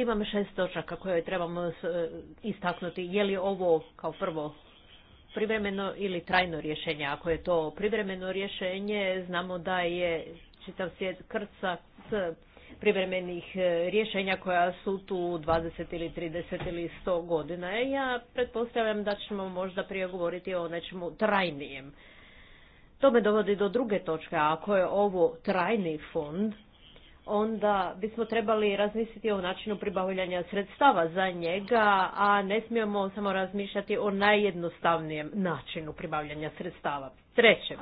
Speaker 3: Imam šest točaka koje trebamo e, istaknuti. Je li ovo kao prvo privremeno ili trajno rješenje? Ako je to privremeno rješenje, znamo da je čitav svijet krca privremenih e, rješenja koja su tu 20 ili 30 ili 100 godina. E, ja pretpostavljam da ćemo možda prije govoriti o nečemu trajnijem. To me dovodi do druge točke. Ako je ovo trajni fond, onda bismo trebali razmisliti o načinu pribavljanja sredstava za njega, a ne smijemo samo razmišljati o najjednostavnijem načinu pribavljanja sredstava. Treće,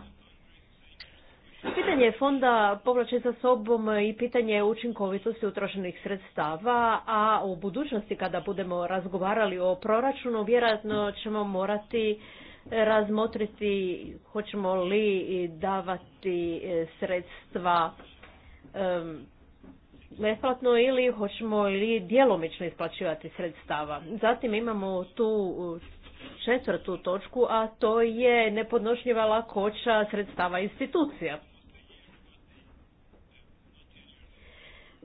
Speaker 3: Pitanje fonda povlači sa sobom i pitanje učinkovitosti utrošenih sredstava, a u budućnosti kada budemo razgovarali o proračunu, vjerojatno ćemo morati razmotriti hoćemo li davati e, sredstva besplatno ili hoćemo ili djelomično isplaćivati sredstava. Zatim imamo tu četvrtu točku, a to je nepodnošljiva lakoća sredstava institucija.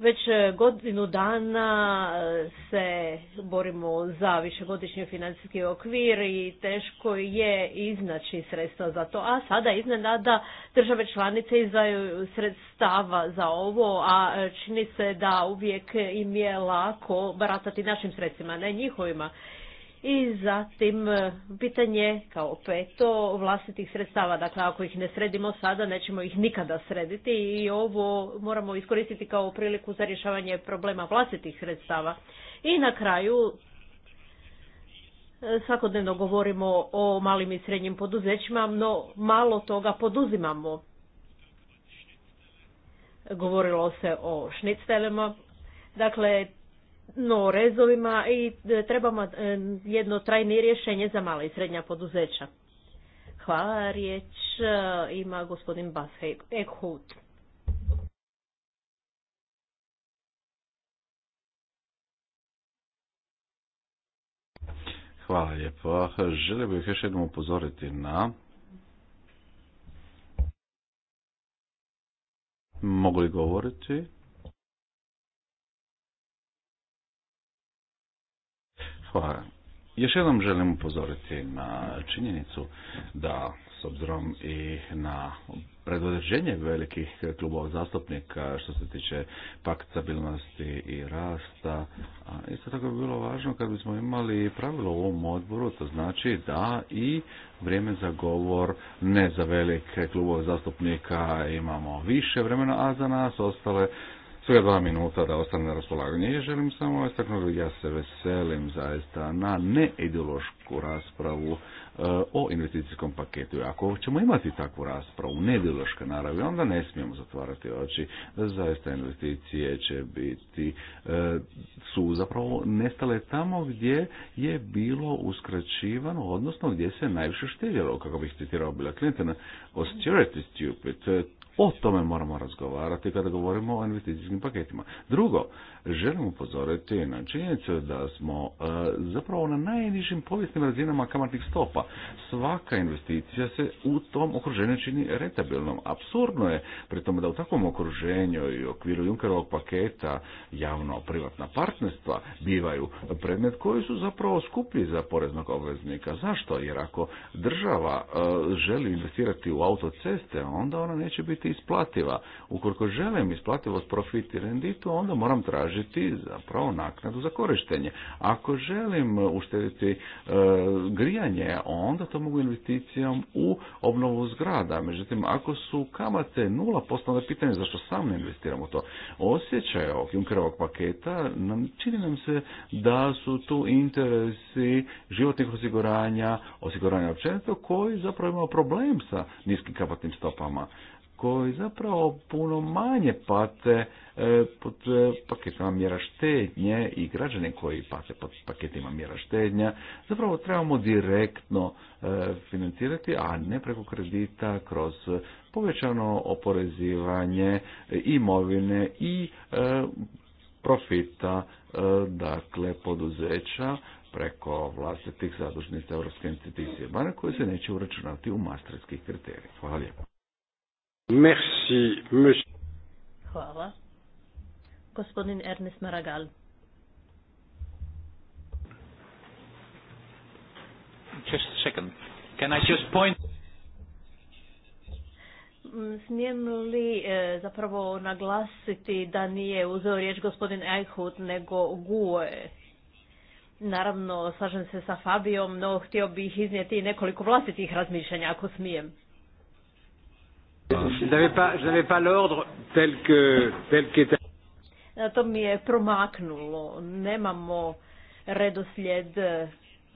Speaker 3: Već e, godinu dana e, se borimo za višegodišnji financijski okvir i teško je iznaći sredstva za to. A sada iznenada države članice izdaju sredstava za ovo, a e, čini se da uvijek im je lako baratati našim sredstvima, ne njihovima. I zatim e, pitanje kao peto vlastitih sredstava. Dakle, ako ih ne sredimo sada, nećemo ih nikada srediti i ovo moramo iskoristiti kao priliku za rješavanje problema vlastitih sredstava. I na kraju e, svakodnevno govorimo o malim i srednjim poduzećima, no malo toga poduzimamo. Govorilo se o šnictelima. Dakle, no rezovima i e, trebamo e, jedno trajnije rješenje za mala i srednja poduzeća. Hvala, riječ e, ima gospodin Bas Ekhut.
Speaker 1: Hvala lijepo. Želio bih još jednom upozoriti na mogu li govoriti? Hvala. Još jednom želim upozoriti na činjenicu da s obzirom i na predodređenje velikih klubova zastupnika što se tiče pakt stabilnosti i rasta. A isto tako bi bilo važno kad bismo imali pravilo u ovom odboru, to znači da i vrijeme za govor ne za velike klubove zastupnika imamo više vremena, a za nas ostale Svega dva minuta da ostane na raspolaganje i želim samo istaknuti, ja se veselim zaista na neideološku raspravu e, o investicijskom paketu. Ako ćemo imati takvu raspravu, ideološke naravi, onda ne smijemo zatvarati oči. Zaista investicije će biti, e, su zapravo nestale tamo gdje je bilo uskraćivano, odnosno gdje se najviše štedjelo, kako bih citirao Bila Clinton, austerity stupid, o tome moramo razgovarati kada govorimo o investicijskim paketima. Drugo, želim upozoriti na činjenicu da smo e, zapravo na najnižim povijesnim razinama kamatnih stopa. Svaka investicija se u tom okruženju čini retabilnom. Absurdno je pri da u takvom okruženju i okviru Junkerovog paketa javno-privatna partnerstva bivaju predmet koji su zapravo skuplji za poreznog obveznika. Zašto? Jer ako država e, želi investirati u autoceste, onda ona neće biti isplativa. Ukoliko želim isplativost profit i renditu, onda moram tražiti tražiti zapravo naknadu za korištenje. Ako želim uštediti e, grijanje, onda to mogu investicijom u obnovu zgrada. Međutim, ako su kamate nula, postavljeno pitanje zašto sam ne investiram u to. Osjećaj ovog Junkerovog paketa nam, čini nam se da su tu interesi životnih osiguranja, osiguranja općenito, koji zapravo imaju problem sa niskim kamatnim stopama koji zapravo puno manje pate e, pod e, paketima mjera štednje i građani koji pate pod paketima mjera štednja, zapravo trebamo direktno e, financirati, a ne preko kredita kroz povećano oporezivanje imovine i profita dakle poduzeća preko vlastitih zadužnih Europske institucije banaka koje se neće uračunati u masterskih kriterij. Hvala lijepo.
Speaker 3: Merci, monsieur. Hvala. Gospodin Ernest Maragal.
Speaker 1: Just a second. Can I just point
Speaker 3: mm, li e, zapravo naglasiti da nije uzeo riječ gospodin Eichhut nego Gue? Naravno, slažem se sa Fabijom, no htio bih iznijeti nekoliko vlastitih razmišljanja, ako smijem. E, to mi je promaknulo. Nemamo redoslijed e,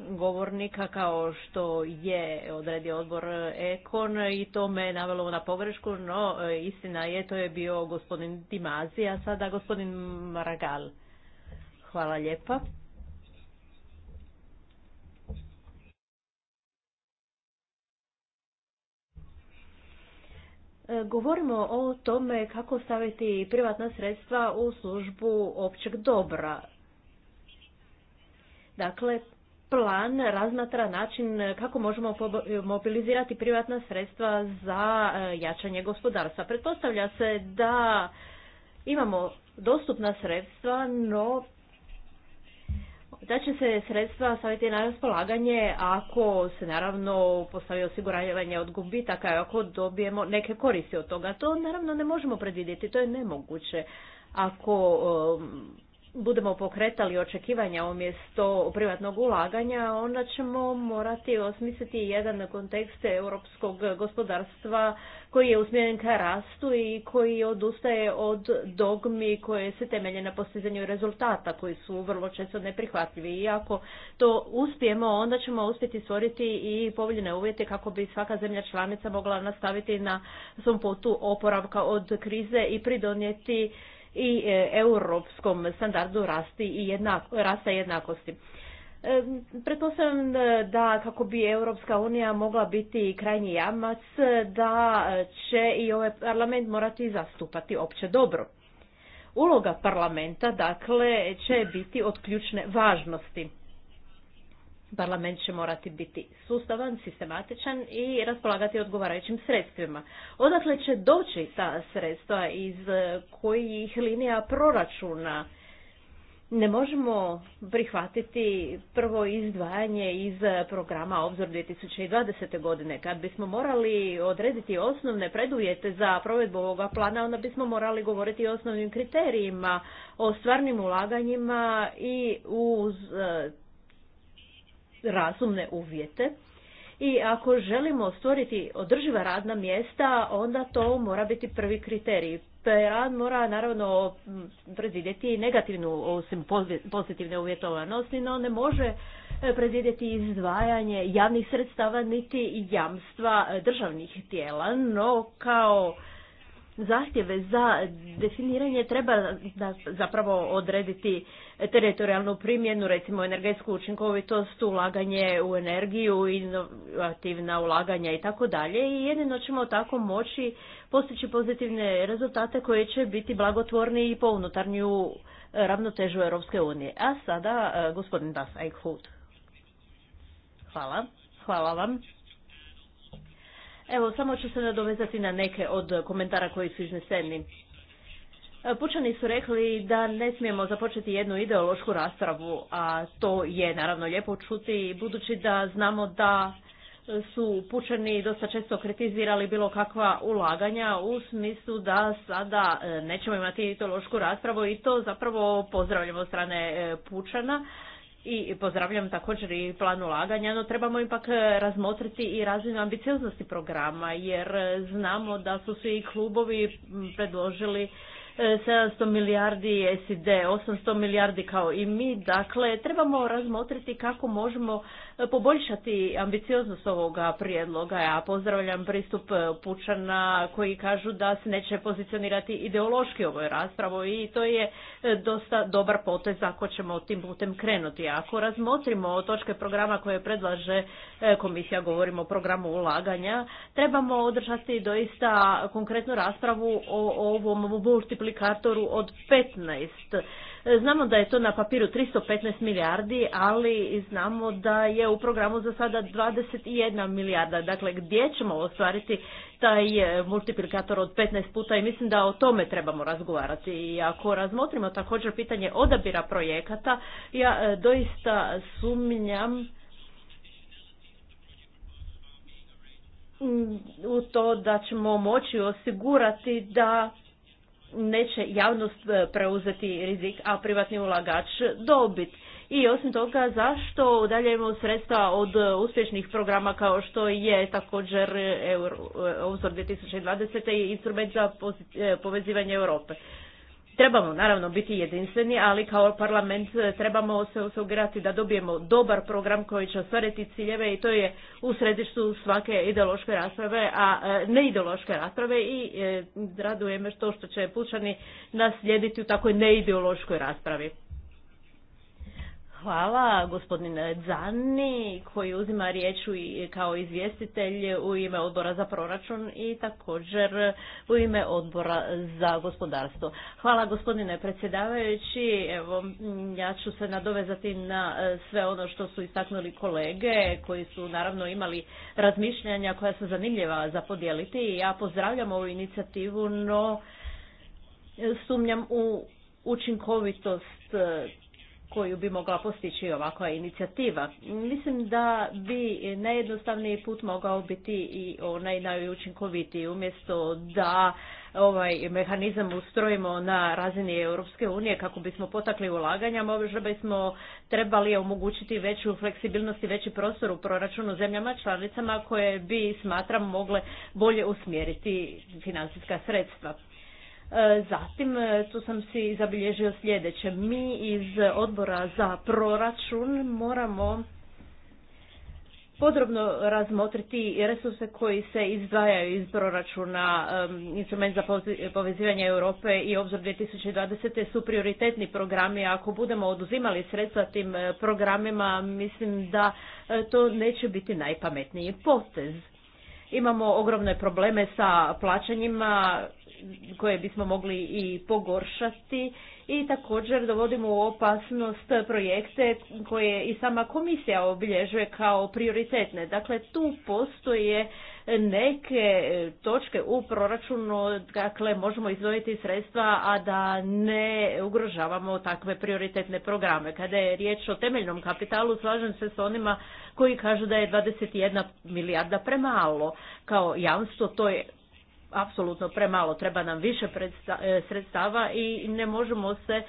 Speaker 3: govornika kao što je odredio odbor Ekon i to me navelo na pogrešku, no e, istina je, to je bio gospodin Dimazi, a sada gospodin Maragal. Hvala lijepa. E, govorimo o tome kako staviti privatna sredstva u službu općeg dobra. Dakle, plan razmatra način kako možemo e, mobilizirati privatna sredstva za e, jačanje gospodarstva. Pretpostavlja se da imamo dostupna sredstva, no da će se sredstva staviti na raspolaganje ako se naravno postavi osiguravanje od gubitaka, ako dobijemo neke koristi od toga. To naravno ne možemo predvidjeti, to je nemoguće. Ako um, budemo pokretali očekivanja umjesto privatnog ulaganja, onda ćemo morati osmisliti jedan kontekst europskog gospodarstva koji je usmjeren ka rastu i koji odustaje od dogmi koje se temelje na postizanju rezultata koji su vrlo često neprihvatljivi. I ako to uspijemo, onda ćemo uspjeti stvoriti i povoljne uvjete kako bi svaka zemlja članica mogla nastaviti na svom putu oporavka od krize i pridonijeti i e, europskom standardu rasti i jednak, rasta jednakosti. E, pretpostavljam e, da kako bi Europska unija mogla biti krajnji jamac, da će i ovaj parlament morati zastupati opće dobro. Uloga parlamenta, dakle, će biti od ključne važnosti. Parlament će morati biti sustavan, sistematičan i raspolagati odgovarajućim sredstvima. Odakle će doći ta sredstva, iz kojih linija proračuna? Ne možemo prihvatiti prvo izdvajanje iz programa Obzor 2020. godine. Kad bismo morali odrediti osnovne preduvjete za provedbu ovoga plana, onda bismo morali govoriti o osnovnim kriterijima, o stvarnim ulaganjima i uz razumne uvjete. I ako želimo stvoriti održiva radna mjesta, onda to mora biti prvi kriterij. Rad mora naravno predvidjeti negativnu osim pozitivne uvjetovanosti, no ne može e, predvidjeti izdvajanje javnih sredstava niti jamstva e, državnih tijela, no kao zahtjeve za definiranje treba da zapravo odrediti teritorijalnu primjenu, recimo energetsku učinkovitost, ulaganje u energiju, inovativna ulaganja i tako dalje i jedino ćemo tako moći postići pozitivne rezultate koje će biti blagotvorni i po unutarnju ravnotežu Europske unije. A sada eh, gospodin Das Eichhut. Hvala. Hvala vam. Evo, samo ću se nadovezati na neke od komentara koji su izneseni. E, pučani su rekli da ne smijemo započeti jednu ideološku raspravu, a to je naravno lijepo čuti, budući da znamo da su pučani dosta često kritizirali bilo kakva ulaganja u smislu da sada e, nećemo imati ideološku raspravu i to zapravo pozdravljamo od strane e, pučana i pozdravljam također i plan ulaganja, no trebamo ipak e, razmotriti i razinu ambicioznosti programa, jer e, znamo da su svi klubovi predložili 700 milijardi SID, 800 milijardi kao i mi. Dakle, trebamo razmotriti kako možemo e, poboljšati ambicioznost ovoga prijedloga. Ja pozdravljam pristup e, Pučana koji kažu da se neće pozicionirati ideološki ovoj raspravu i to je e, dosta dobar potez ako ćemo tim putem krenuti. Ako razmotrimo točke programa koje predlaže komisija, govorimo o programu ulaganja, trebamo održati doista konkretnu raspravu o ovom multiplikaciju multiplikatoru od 15. Znamo da je to na papiru 315 milijardi, ali znamo da je u programu za sada 21 milijarda. Dakle, gdje ćemo ostvariti taj e, multiplikator od 15 puta i mislim da o tome trebamo razgovarati. I ako razmotrimo također pitanje odabira projekata, ja e, doista sumnjam mm, u to da ćemo moći osigurati da neće javnost e, preuzeti rizik, a privatni ulagač dobit. I osim toga, zašto udaljujemo sredstva od e, uspješnih programa kao što je također e, Obzor 2020. i instrument za povezivanje Europe? Trebamo naravno biti jedinstveni, ali kao parlament e, trebamo se osigurati da dobijemo dobar program koji će ostvariti ciljeve i to je u središtu svake ideološke rasprave, a e, ne ideološke rasprave i e, raduje me to što će pučani naslijediti u takvoj neideološkoj raspravi. Hvala gospodin Zani koji uzima riječ kao izvjestitelj u ime odbora za proračun i također u ime odbora za gospodarstvo. Hvala gospodine predsjedavajući. Evo, ja ću se nadovezati na e, sve ono što su istaknuli kolege koji su naravno imali razmišljanja koja su zanimljiva za podijeliti. Ja pozdravljam ovu inicijativu, no e, sumnjam u učinkovitost e, koju bi mogla postići ovakva inicijativa. Mislim da bi najjednostavniji put mogao biti i onaj najučinkovitiji umjesto da ovaj mehanizam ustrojimo na razini Europske unije kako bismo potakli ulaganja, možda bismo trebali omogućiti veću fleksibilnost i veći prostor u proračunu zemljama članicama koje bi smatram mogle bolje usmjeriti financijska sredstva. E, zatim, e, tu sam si zabilježio sljedeće. Mi iz odbora za proračun moramo podrobno razmotriti resurse koji se izdvajaju iz proračuna. E, instrument za povezivanje Europe i obzor 2020. su prioritetni programi. Ako budemo oduzimali sredstva tim programima, mislim da to neće biti najpametniji potez. Imamo ogromne probleme sa plaćanjima koje bismo mogli i pogoršati i također dovodimo u opasnost projekte koje i sama komisija obilježuje kao prioritetne. Dakle, tu postoje neke točke u proračunu, dakle možemo izdvojiti sredstva, a da ne ugrožavamo takve prioritetne programe. Kada je riječ o temeljnom kapitalu, slažem se s onima koji kažu da je 21 milijarda premalo. Kao jamstvo to je apsolutno premalo. Treba nam više e, sredstava i ne možemo se e,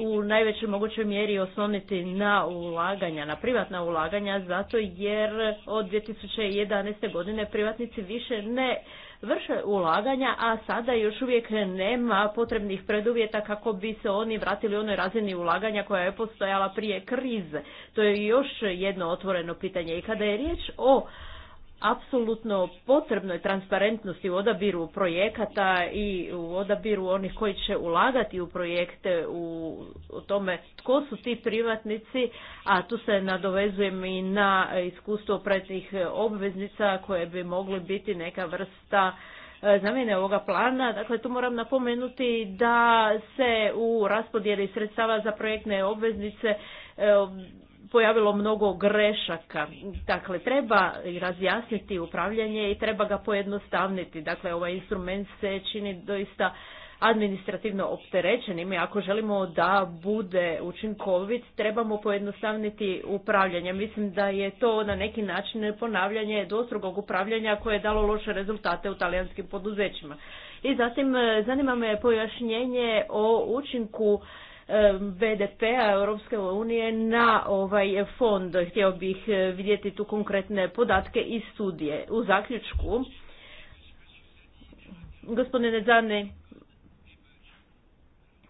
Speaker 3: u najvećoj mogućoj mjeri osloniti na ulaganja, na privatna ulaganja, zato jer od 2011. godine privatnici više ne vrše ulaganja, a sada još uvijek nema potrebnih preduvjeta kako bi se oni vratili onoj razini ulaganja koja je postojala prije krize. To je još jedno otvoreno pitanje. I kada je riječ o apsolutno potrebnoj transparentnosti u odabiru projekata i u odabiru onih koji će ulagati u projekte, u, u tome tko su ti privatnici, a tu se nadovezujem i na iskustvo pretnih obveznica koje bi mogli biti neka vrsta e, zamjene ovoga plana. Dakle, tu moram napomenuti da se u raspodjeli sredstava za projektne obveznice e, pojavilo mnogo grešaka. Dakle, treba razjasniti upravljanje i treba ga pojednostavniti. Dakle, ovaj instrument se čini doista administrativno opterećenim i ako želimo da bude učinkovit, trebamo pojednostavniti upravljanje. Mislim da je to na neki način ponavljanje dostrugog upravljanja koje je dalo loše rezultate u talijanskim poduzećima. I zatim e, zanima me pojašnjenje o učinku BDP-a Europske unije na ovaj fond. Htio bih eh, vidjeti tu konkretne podatke i studije. U zaključku, gospodine Zane,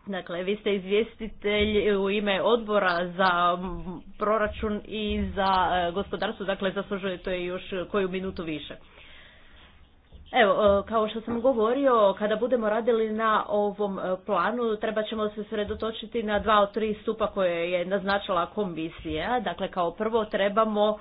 Speaker 3: Dakle, vi ste izvjestitelj u ime odbora za proračun i za eh, gospodarstvo, dakle zaslužujete još koju minutu više. Evo, e, kao što sam govorio, kada budemo radili na ovom e, planu, treba ćemo se sredotočiti na dva od tri stupa koje je naznačila komisija. Dakle, kao prvo trebamo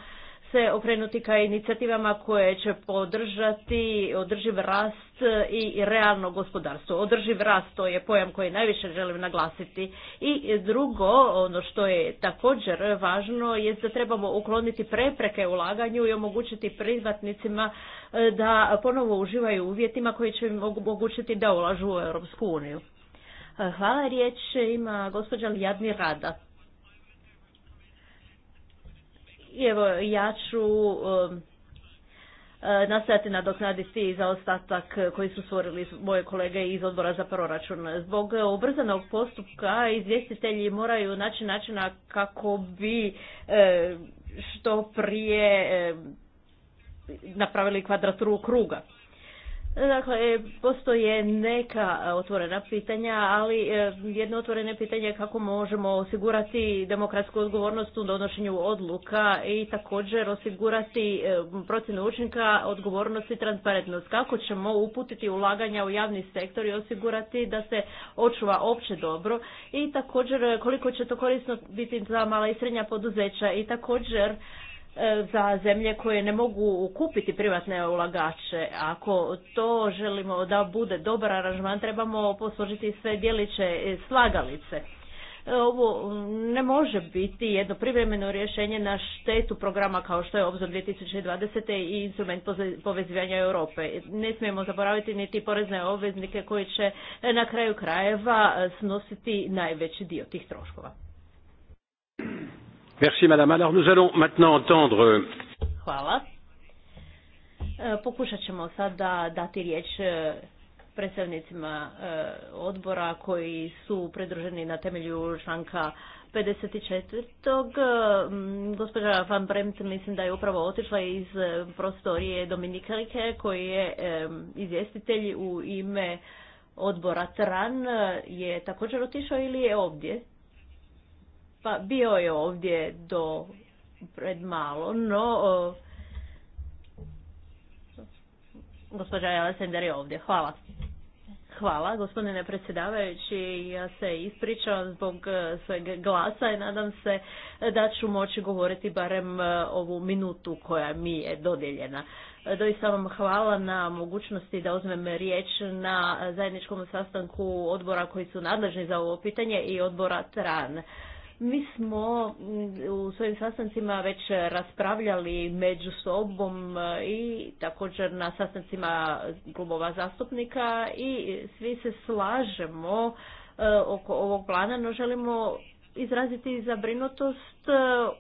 Speaker 3: se okrenuti ka inicijativama koje će podržati održiv rast i realno gospodarstvo. Održiv rast to je pojam koji najviše želim naglasiti. I drugo, ono što je također važno, je da trebamo ukloniti prepreke ulaganju i omogućiti privatnicima e, da ponovo uživaju uvjetima koji će im omogućiti da ulažu u Europsku uniju. E, hvala, riječ ima gospođa Jadni Rada. I evo, ja ću um, e, nastojati nadoknaditi ostatak koji su stvorili moje kolege iz odbora za proračun. Zbog ubrzanog postupka izvjestitelji moraju naći načina kako bi e, što prije e, napravili kvadraturu kruga. Dakle, e, postoje neka e, otvorena pitanja, ali e, jedno otvoreno pitanje je kako možemo osigurati demokratsku odgovornost u donošenju odluka i također osigurati procjenu učinka, odgovornost i transparentnost. Kako ćemo uputiti ulaganja u javni sektor i osigurati da se očuva opće dobro i također koliko će to korisno biti za mala i srednja poduzeća i također E, za zemlje koje ne mogu kupiti privatne ulagače. Ako to želimo da bude dobar aranžman, trebamo posložiti sve dijeliće slagalice. E, ovo ne može biti jedno privremeno rješenje na štetu programa kao što je Obzor 2020. i instrument povezivanja Europe. Ne smijemo zaboraviti niti porezne obveznike koji će e, na kraju krajeva snositi najveći dio tih troškova. Merci madame. Alors nous allons
Speaker 1: maintenant entendre euh,
Speaker 3: Hvala. E, pokušat ćemo sada dati riječ e, predstavnicima e, odbora koji su pridruženi na temelju članka 54. Gospođa Van Bremt mislim da je upravo otišla iz prostorije Dominikalike koji je izvjestitelj u ime odbora TRAN je također otišao ili je ovdje? Pa bio je ovdje do pred malo, no gospođa Alessandar je ovdje. Hvala. Hvala, gospodine predsjedavajući. Ja se ispričavam zbog e, sveg glasa i nadam se da ću moći govoriti barem e, ovu minutu koja mi je dodijeljena. E, doista vam hvala na mogućnosti da uzmem riječ na zajedničkom sastanku odbora koji su nadležni za ovo pitanje i odbora TRAN. Mi smo mm, u svojim sastancima već raspravljali među sobom eh, i također na sastancima klubova zastupnika i svi se slažemo eh, oko ovog plana, no želimo izraziti zabrinutost eh,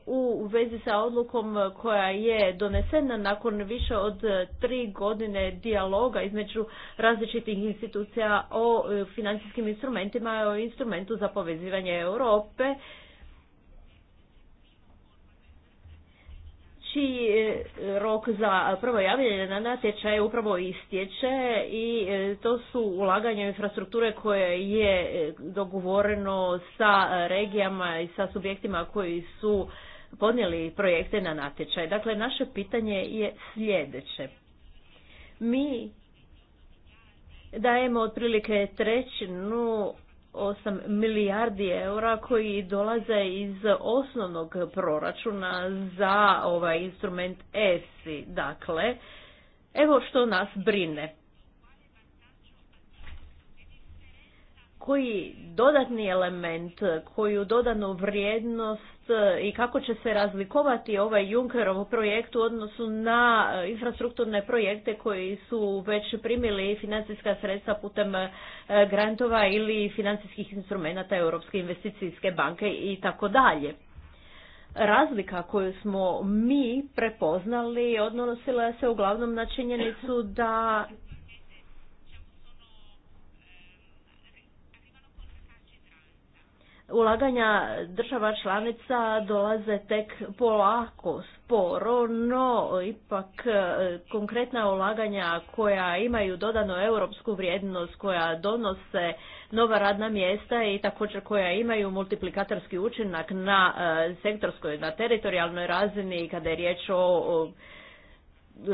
Speaker 3: u vezi sa odlukom koja je donesena nakon više od tri godine dijaloga između različitih institucija o financijskim instrumentima i o instrumentu za povezivanje Europe čiji e, rok za prvo javljanje na natječaj upravo istječe i e, to su ulaganje infrastrukture koje je e, dogovoreno sa regijama i sa subjektima koji su podnijeli projekte na natječaj. Dakle, naše pitanje je sljedeće. Mi dajemo otprilike trećinu 8 milijardi eura koji dolaze iz osnovnog proračuna za ovaj instrument ESI. Dakle, evo što nas brine. koji dodatni element, koju dodanu vrijednost e, i kako će se razlikovati ovaj Junckerov projekt u odnosu na e, infrastrukturne projekte koji su već primili financijska sredstva putem e, grantova ili financijskih instrumenta Europske investicijske banke i tako dalje. Razlika koju smo mi prepoznali odnosila se uglavnom na činjenicu da ulaganja država članica dolaze tek polako, sporo, no ipak e, konkretna ulaganja koja imaju dodanu europsku vrijednost, koja donose nova radna mjesta i također koja imaju multiplikatorski učinak na e, sektorskoj, na teritorijalnoj razini kada je riječ o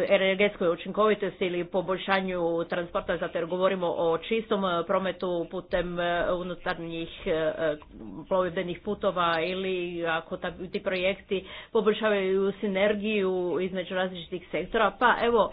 Speaker 3: energetskoj učinkovitosti ili poboljšanju transporta, zato jer govorimo o čistom e, prometu putem e, unutarnjih e, plovidbenih putova ili ako ti projekti poboljšavaju sinergiju između različitih sektora. Pa evo,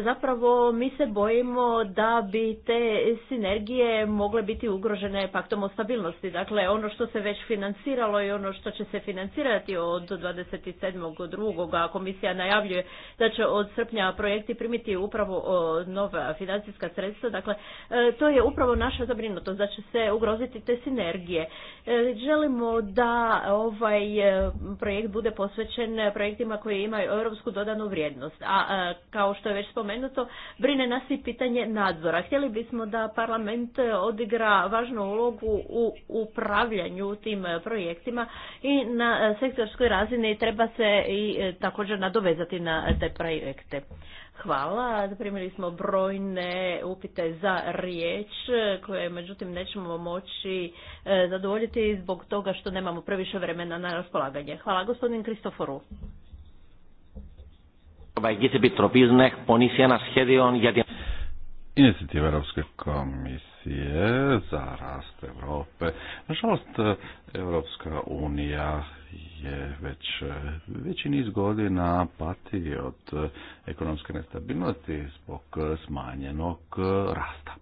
Speaker 3: zapravo mi se bojimo da bi te sinergije mogle biti ugrožene paktom o stabilnosti. Dakle, ono što se već financiralo i ono što će se financirati od 27.2. komisija najavljuje da će od srpnja projekti primiti upravo nova financijska sredstva. Dakle, e, to je upravo naša zabrinutost da će se ugroziti te sinergije. E, želimo da ovaj e, projekt bude posvećen projektima koji imaju europsku dodanu vrijednost. A kao što je već spomenuo, to brine nas i pitanje nadzora. Htjeli bismo da parlament odigra važnu ulogu u upravljanju tim projektima i na sektorskoj razini treba se i e, također nadovezati na te projekte. Hvala. Primili smo brojne upite za riječ e, koje međutim nećemo moći e, zadovoljiti zbog toga što nemamo previše vremena na raspolaganje. Hvala gospodin Kristoforu.
Speaker 2: Ευρωπαϊκή Επιτροπή να εκπονήσει ένα σχέδιο για την...
Speaker 1: Inicijativa Europske komisije za rast Europe. Nažalost, Europska unija je već veći niz godina pati od ekonomske nestabilnosti zbog smanjenog rasta.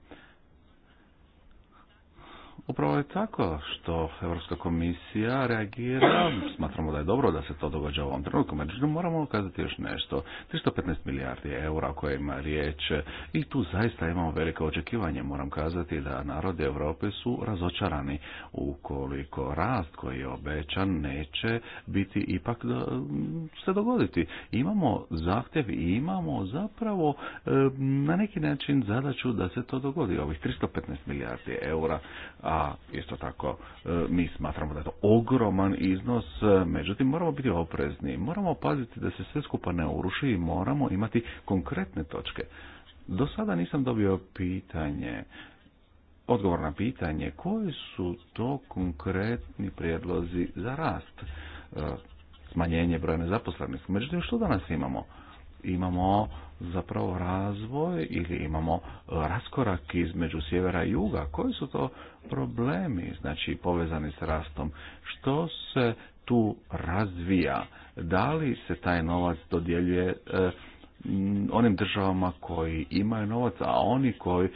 Speaker 1: Upravo je tako što Europska komisija reagira, smatramo da je dobro da se to događa u ovom trenutku, međutim moramo ukazati još nešto. 315 milijardi eura o kojima riječ i tu zaista imamo velike očekivanje. Moram kazati da narodi Europe su razočarani ukoliko rast koji je obećan neće biti ipak da, e, se dogoditi. Imamo zahtjev i imamo zapravo e, na neki način zadaću da se to dogodi. Ovih 315 milijardi eura, a isto tako e, mi smatramo da je to ogroman iznos, e, međutim moramo biti oprezni, moramo paziti da se sve skupa ne uruši i moramo imati konkretne točke. Do sada nisam dobio pitanje, odgovor na pitanje koji su to konkretni prijedlozi za rast, e, smanjenje broja nezaposlenih. Međutim, što danas imamo? imamo zapravo razvoj ili imamo raskorak između sjevera i juga. Koji su to problemi, znači povezani s rastom? Što se tu razvija? Da li se taj novac dodjeljuje e, onim državama koji imaju novac, a oni koji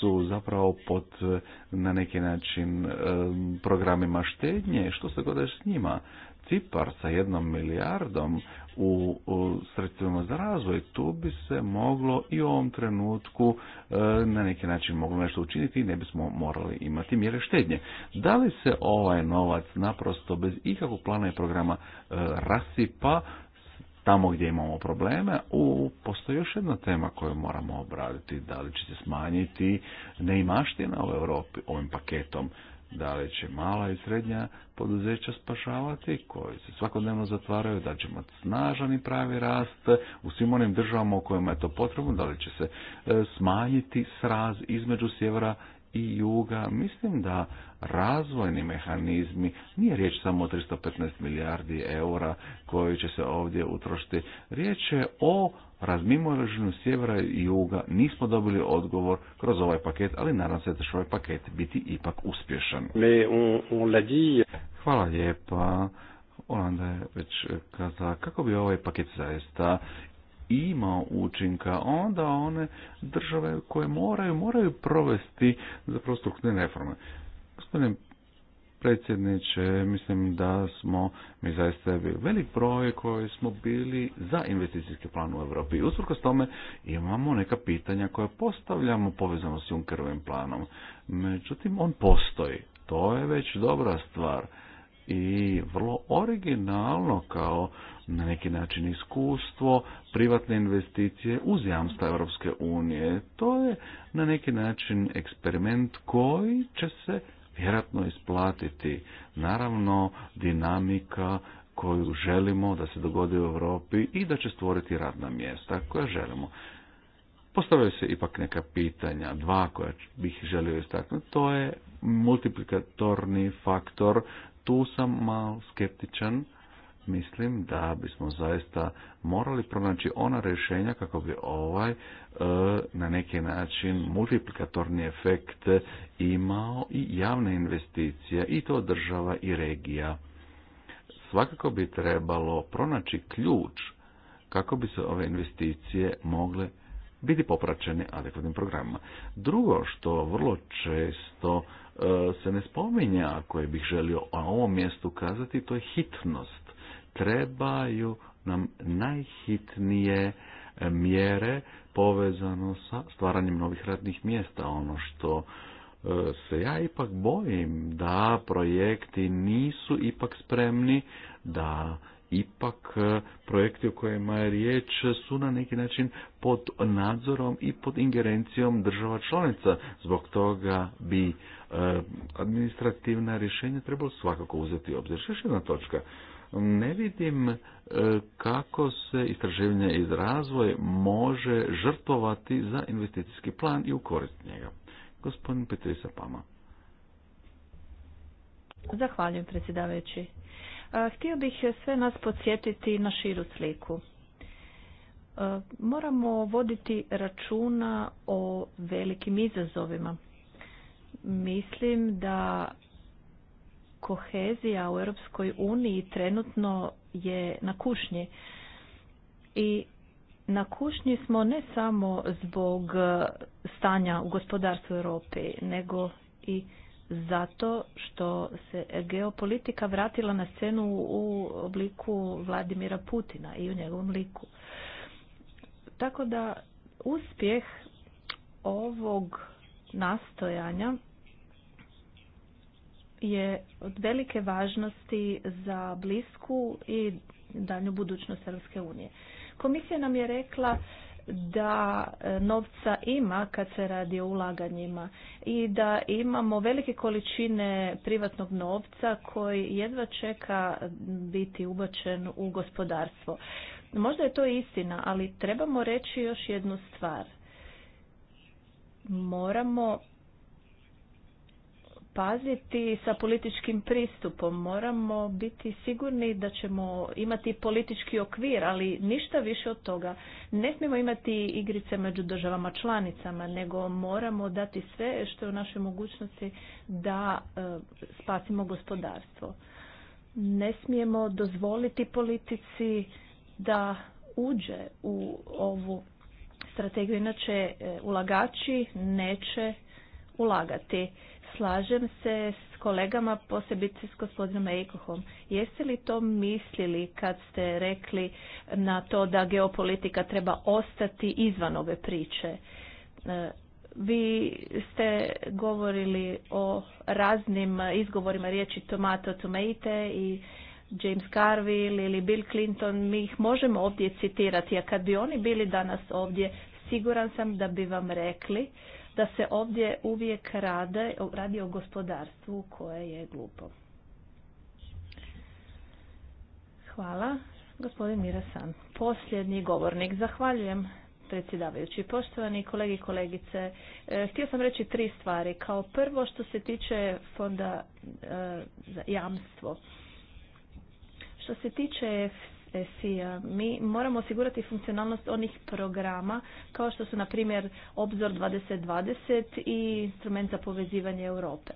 Speaker 1: su zapravo pod e, na neki način e, programima štednje, što se gode s njima? Cipar sa jednom milijardom u sredstvima za razvoj, tu bi se moglo i u ovom trenutku e, na neki način moglo nešto učiniti i ne bismo morali imati mjere štednje. Da li se ovaj novac naprosto bez ikakvog plana i programa e, rasipa tamo gdje imamo probleme, u, postoji još jedna tema koju moramo obraditi, da li će se smanjiti neimaština u Europi ovim paketom da li će mala i srednja poduzeća spašavati, koji se svakodnevno zatvaraju, da ćemo snažan i pravi rast u svim onim državama u kojima je to potrebno, da li će se e, smanjiti sraz između sjevera i juga, mislim da razvojni mehanizmi, nije riječ samo o 315 milijardi eura koji će se ovdje utrošiti, riječ je o razmimoilaženju sjevera i juga, nismo dobili odgovor kroz ovaj paket, ali nadam se da će ovaj paket biti ipak uspješan. Hvala lijepa. Olanda je već kazala kako bi ovaj paket zaista ima učinka, onda one države koje moraju, moraju provesti zapravo strukturne reforme. Gospodine predsjedniče, mislim da smo mi zaista bili velik broj koji smo bili za investicijski plan u Europi. s tome imamo neka pitanja koja postavljamo povezano s Junkerovim planom. Međutim, on postoji. To je već dobra stvar i vrlo originalno kao na neki način iskustvo, privatne investicije uz jamstva Europske unije. To je na neki način eksperiment koji će se vjerojatno isplatiti. Naravno, dinamika koju želimo da se dogodi u Europi i da će stvoriti radna mjesta koja želimo. Postavljaju se ipak neka pitanja, dva koja bih želio istaknuti, to je multiplikatorni faktor, tu sam malo skeptičan, mislim da bismo zaista morali pronaći ona rješenja kako bi ovaj e, na neki način multiplikatorni efekt imao i javne investicije i to država i regija. Svakako bi trebalo pronaći ključ kako bi se ove investicije mogle biti popraćene adekvatnim programima. Drugo što vrlo često e, se ne spominja, koje bih želio na ovom mjestu kazati, to je hitnost trebaju nam najhitnije e, mjere povezano sa stvaranjem novih radnih mjesta. Ono što e, se ja ipak bojim da projekti nisu ipak spremni, da ipak e, projekti o kojima je riječ su na neki način pod nadzorom i pod ingerencijom država članica. Zbog toga bi administrativna rješenja trebalo svakako uzeti u obzir. Još točka ne vidim e, kako se istraživanje iz razvoj može žrtvovati za investicijski plan i u korist njega. Gospodin Petrisa Pama.
Speaker 2: Zahvaljujem predsjedavajući. E, htio bih sve nas podsjetiti na širu sliku. E, moramo voditi računa o velikim izazovima. Mislim da kohezija u Europskoj uniji trenutno je na kušnji. I na kušnji smo ne samo zbog stanja u gospodarstvu Europi, nego i zato što se geopolitika vratila na scenu u obliku Vladimira Putina i u njegovom liku. Tako da uspjeh ovog nastojanja je od velike važnosti za blisku i danju budućnost Europske unije. Komisija nam je rekla da e, novca ima kad se radi o ulaganjima i da imamo velike količine privatnog novca koji jedva čeka biti ubačen u gospodarstvo. Možda je to istina, ali trebamo reći još jednu stvar. Moramo paziti sa političkim pristupom. Moramo biti sigurni da ćemo imati politički okvir, ali ništa više od toga. Ne smijemo imati igrice među državama članicama, nego moramo dati sve što je u našoj mogućnosti da e, spasimo gospodarstvo. Ne smijemo dozvoliti politici da uđe u ovu strategiju, inače e, ulagači neće ulagati slažem se s kolegama, posebice s gospodinom Eikohom. Jeste li to mislili kad ste rekli na to da geopolitika treba ostati izvan ove priče? E, vi ste govorili o raznim izgovorima riječi tomato, tomate i James Carville ili Bill Clinton, mi ih možemo ovdje citirati, a kad bi oni bili danas ovdje, siguran sam da bi vam rekli da se ovdje uvijek rade, radi o gospodarstvu koje je glupo. Hvala. Gospodin Mirasan, posljednji govornik. Zahvaljujem predsjedavajući. Poštovani kolegi i kolegice, e, htio sam reći tri stvari. Kao prvo što se tiče fonda e, za jamstvo. Što se tiče se Mi moramo osigurati funkcionalnost onih programa kao što su na primjer Obzor 2020 i instrument za povezivanje Europe.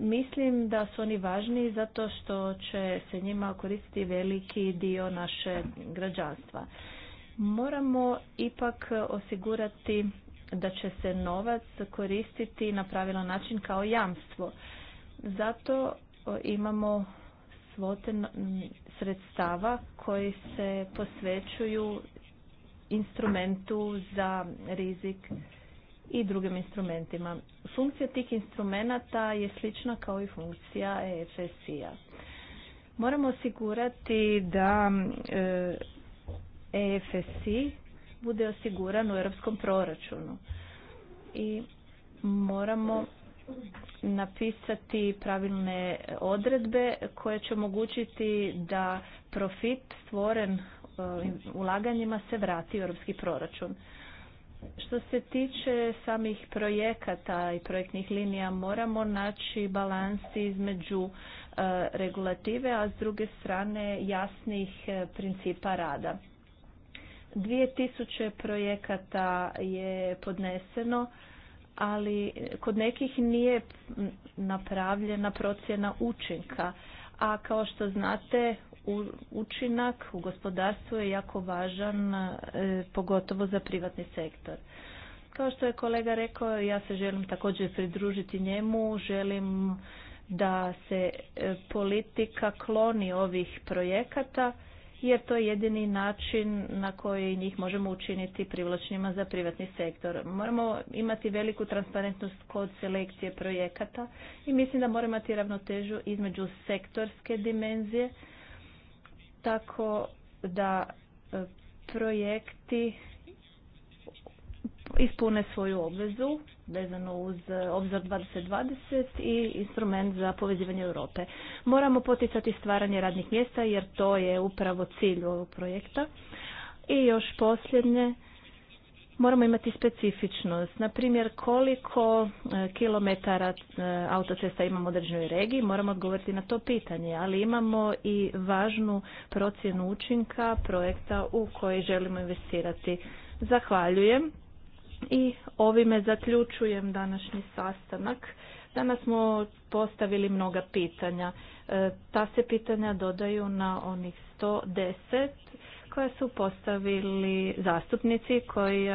Speaker 2: Mislim da su oni važni zato što će se njima koristiti veliki dio naše građanstva. Moramo ipak osigurati da će se novac koristiti na pravilan način kao jamstvo. Zato imamo svote sredstava koji se posvećuju instrumentu za rizik i drugim instrumentima. Funkcija tih instrumenata je slična kao i funkcija EFSI-a. Moramo osigurati da EFSI e bude osiguran u europskom proračunu i moramo napisati pravilne odredbe koje će omogućiti da profit stvoren e, ulaganjima se vrati u europski proračun. Što se tiče samih projekata i projektnih linija, moramo naći balans između e, regulative, a s druge strane jasnih e, principa rada. 2000 projekata je podneseno, ali kod nekih nije napravljena procjena učinka. A kao što znate, učinak u gospodarstvu je jako važan, e, pogotovo za privatni sektor. Kao što je kolega rekao, ja se želim također pridružiti njemu, želim da se e, politika kloni ovih projekata jer to je jedini način na koji njih možemo učiniti privlačnjima za privatni sektor. Moramo imati veliku transparentnost kod selekcije projekata i mislim da moramo imati ravnotežu između sektorske dimenzije tako da e, projekti ispune svoju obvezu vezano uz e, obzor 2020 i instrument za povezivanje Europe. Moramo poticati stvaranje radnih mjesta jer to je upravo cilj ovog projekta. I još posljednje, moramo imati specifičnost. Na primjer, koliko e, kilometara e, autocesta imamo u određenoj regiji, moramo odgovoriti na to pitanje, ali imamo i važnu procjenu učinka projekta u koji želimo investirati. Zahvaljujem i ovime zaključujem današnji sastanak. Danas smo postavili mnoga pitanja. E, ta se pitanja dodaju na onih 110 koja su postavili zastupnici koji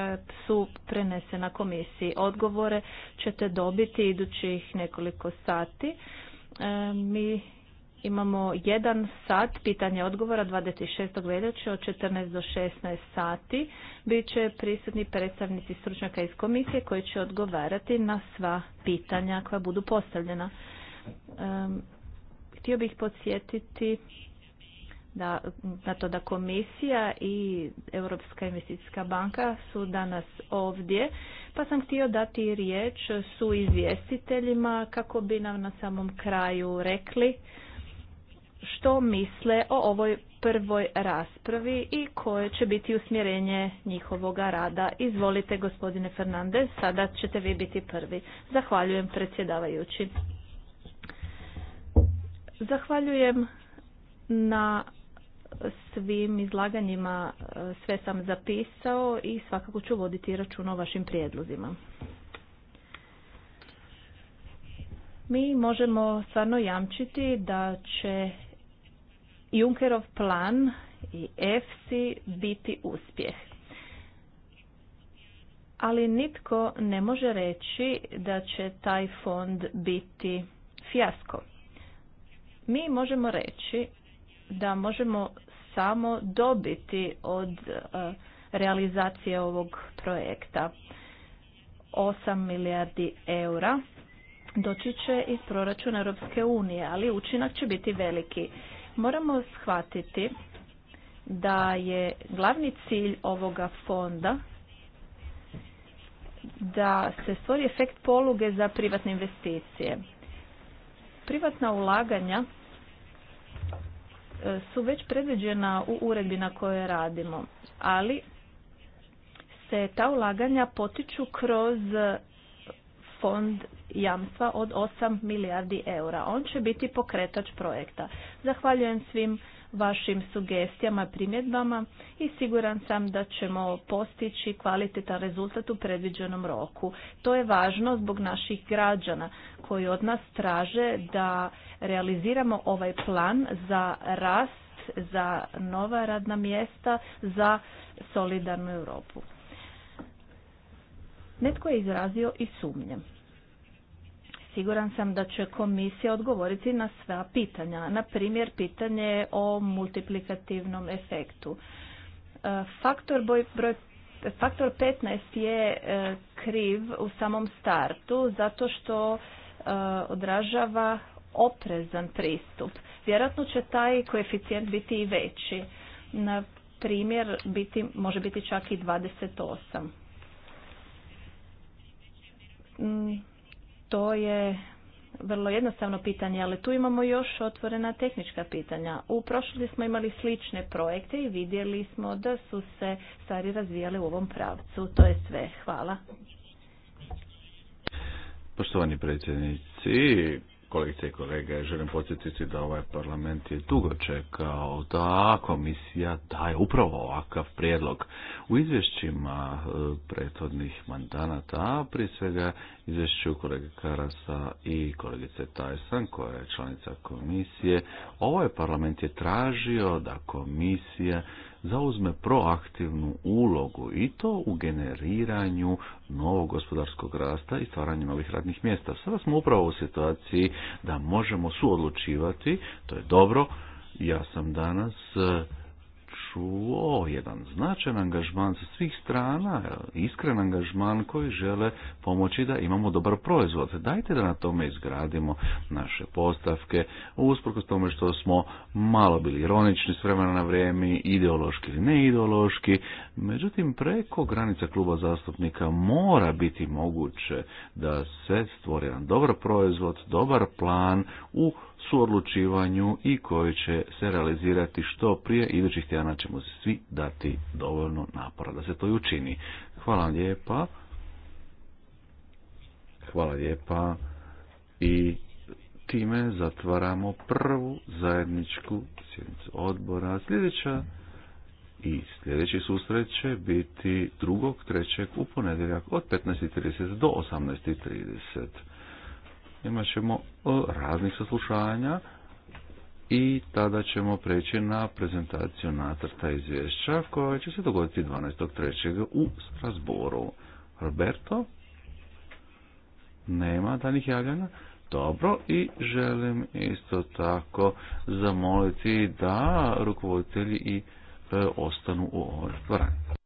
Speaker 2: su prenesena komisiji. Odgovore ćete dobiti idućih nekoliko sati. E, mi Imamo jedan sat pitanja odgovora 26. veljače od 14 do 16 sati. Biće prisutni predstavnici stručnjaka iz komisije koji će odgovarati na sva pitanja koja budu postavljena. Um, htio bih podsjetiti da, na to da komisija i Europska investicijska banka su danas ovdje, pa sam htio dati riječ su izvjestiteljima kako bi nam na samom kraju rekli što misle o ovoj prvoj raspravi i koje će biti usmjerenje njihovoga rada. Izvolite gospodine Fernandez, sada ćete vi biti prvi. Zahvaljujem predsjedavajući. Zahvaljujem na svim izlaganjima, sve sam zapisao i svakako ću voditi račun o vašim prijedlozima. Mi možemo stvarno jamčiti da će Junkerov plan i EFSI biti uspjeh. Ali nitko ne može reći da će taj fond biti fijasko. Mi možemo reći da možemo samo dobiti od e, realizacije ovog projekta. 8 milijardi eura doći će iz proračuna Europske unije, ali učinak će biti veliki. Moramo shvatiti da je glavni cilj ovoga fonda da se stvori efekt poluge za privatne investicije. Privatna ulaganja e, su već predviđena u uredbi na kojoj radimo, ali se ta ulaganja potiču kroz fond jamstva od 8 milijardi eura. On će biti pokretač projekta. Zahvaljujem svim vašim sugestijama, primjedbama i siguran sam da ćemo postići kvalitetan rezultat u predviđenom roku. To je važno zbog naših građana koji od nas traže da realiziramo ovaj plan za rast, za nova radna mjesta, za solidarnu Europu. Netko je izrazio i sumnjem siguran sam da će komisija odgovoriti na sva pitanja. Na primjer, pitanje o multiplikativnom efektu. E, faktor broj, Faktor 15 je e, kriv u samom startu zato što e, odražava oprezan pristup. Vjerojatno će taj koeficijent biti i veći. Na primjer, biti, može biti čak i 28 to je vrlo jednostavno pitanje, ali tu imamo još otvorena tehnička pitanja. U prošlosti smo imali slične projekte i vidjeli smo da su se stvari razvijale u ovom pravcu. To je sve. Hvala.
Speaker 1: Poštovani predsjednici, kolegice i kolege, želim podsjetiti da ovaj parlament je dugo čekao da komisija daje upravo ovakav prijedlog. U izvješćima e, prethodnih mandanata, prije svega izvješću kolege Karasa i kolegice Tajsan, koja je članica komisije, ovaj parlament je tražio da komisija zauzme proaktivnu ulogu i to u generiranju novog gospodarskog rasta i stvaranju novih radnih mjesta. Sada smo upravo u situaciji da možemo suodlučivati, to je dobro. Ja sam danas o jedan značajan angažman sa svih strana, iskren angažman koji žele pomoći da imamo dobar proizvod. Dajte da na tome izgradimo naše postavke, usprkos tome što smo malo bili ironični s vremena na vrijeme, ideološki ili neideološki, međutim preko granica kluba zastupnika mora biti moguće da se stvori jedan dobar proizvod, dobar plan u odlučivanju i koji će se realizirati što prije. Idućih tjedana ćemo svi dati dovoljno napora da se to i učini. Hvala lijepa. Hvala lijepa. I time zatvaramo prvu zajedničku sjednicu odbora. Sljedeća i sljedeći susret će biti drugog, trećeg u ponedjeljak od 15.30 do 18.30 imat ćemo e, raznih saslušanja i tada ćemo preći na prezentaciju nacrta izvješća koja će se dogoditi 12.3. u Strasboru. Roberto? Nema danih javljanja? Dobro, i želim isto tako zamoliti da rukovoditelji i e, ostanu u ovoj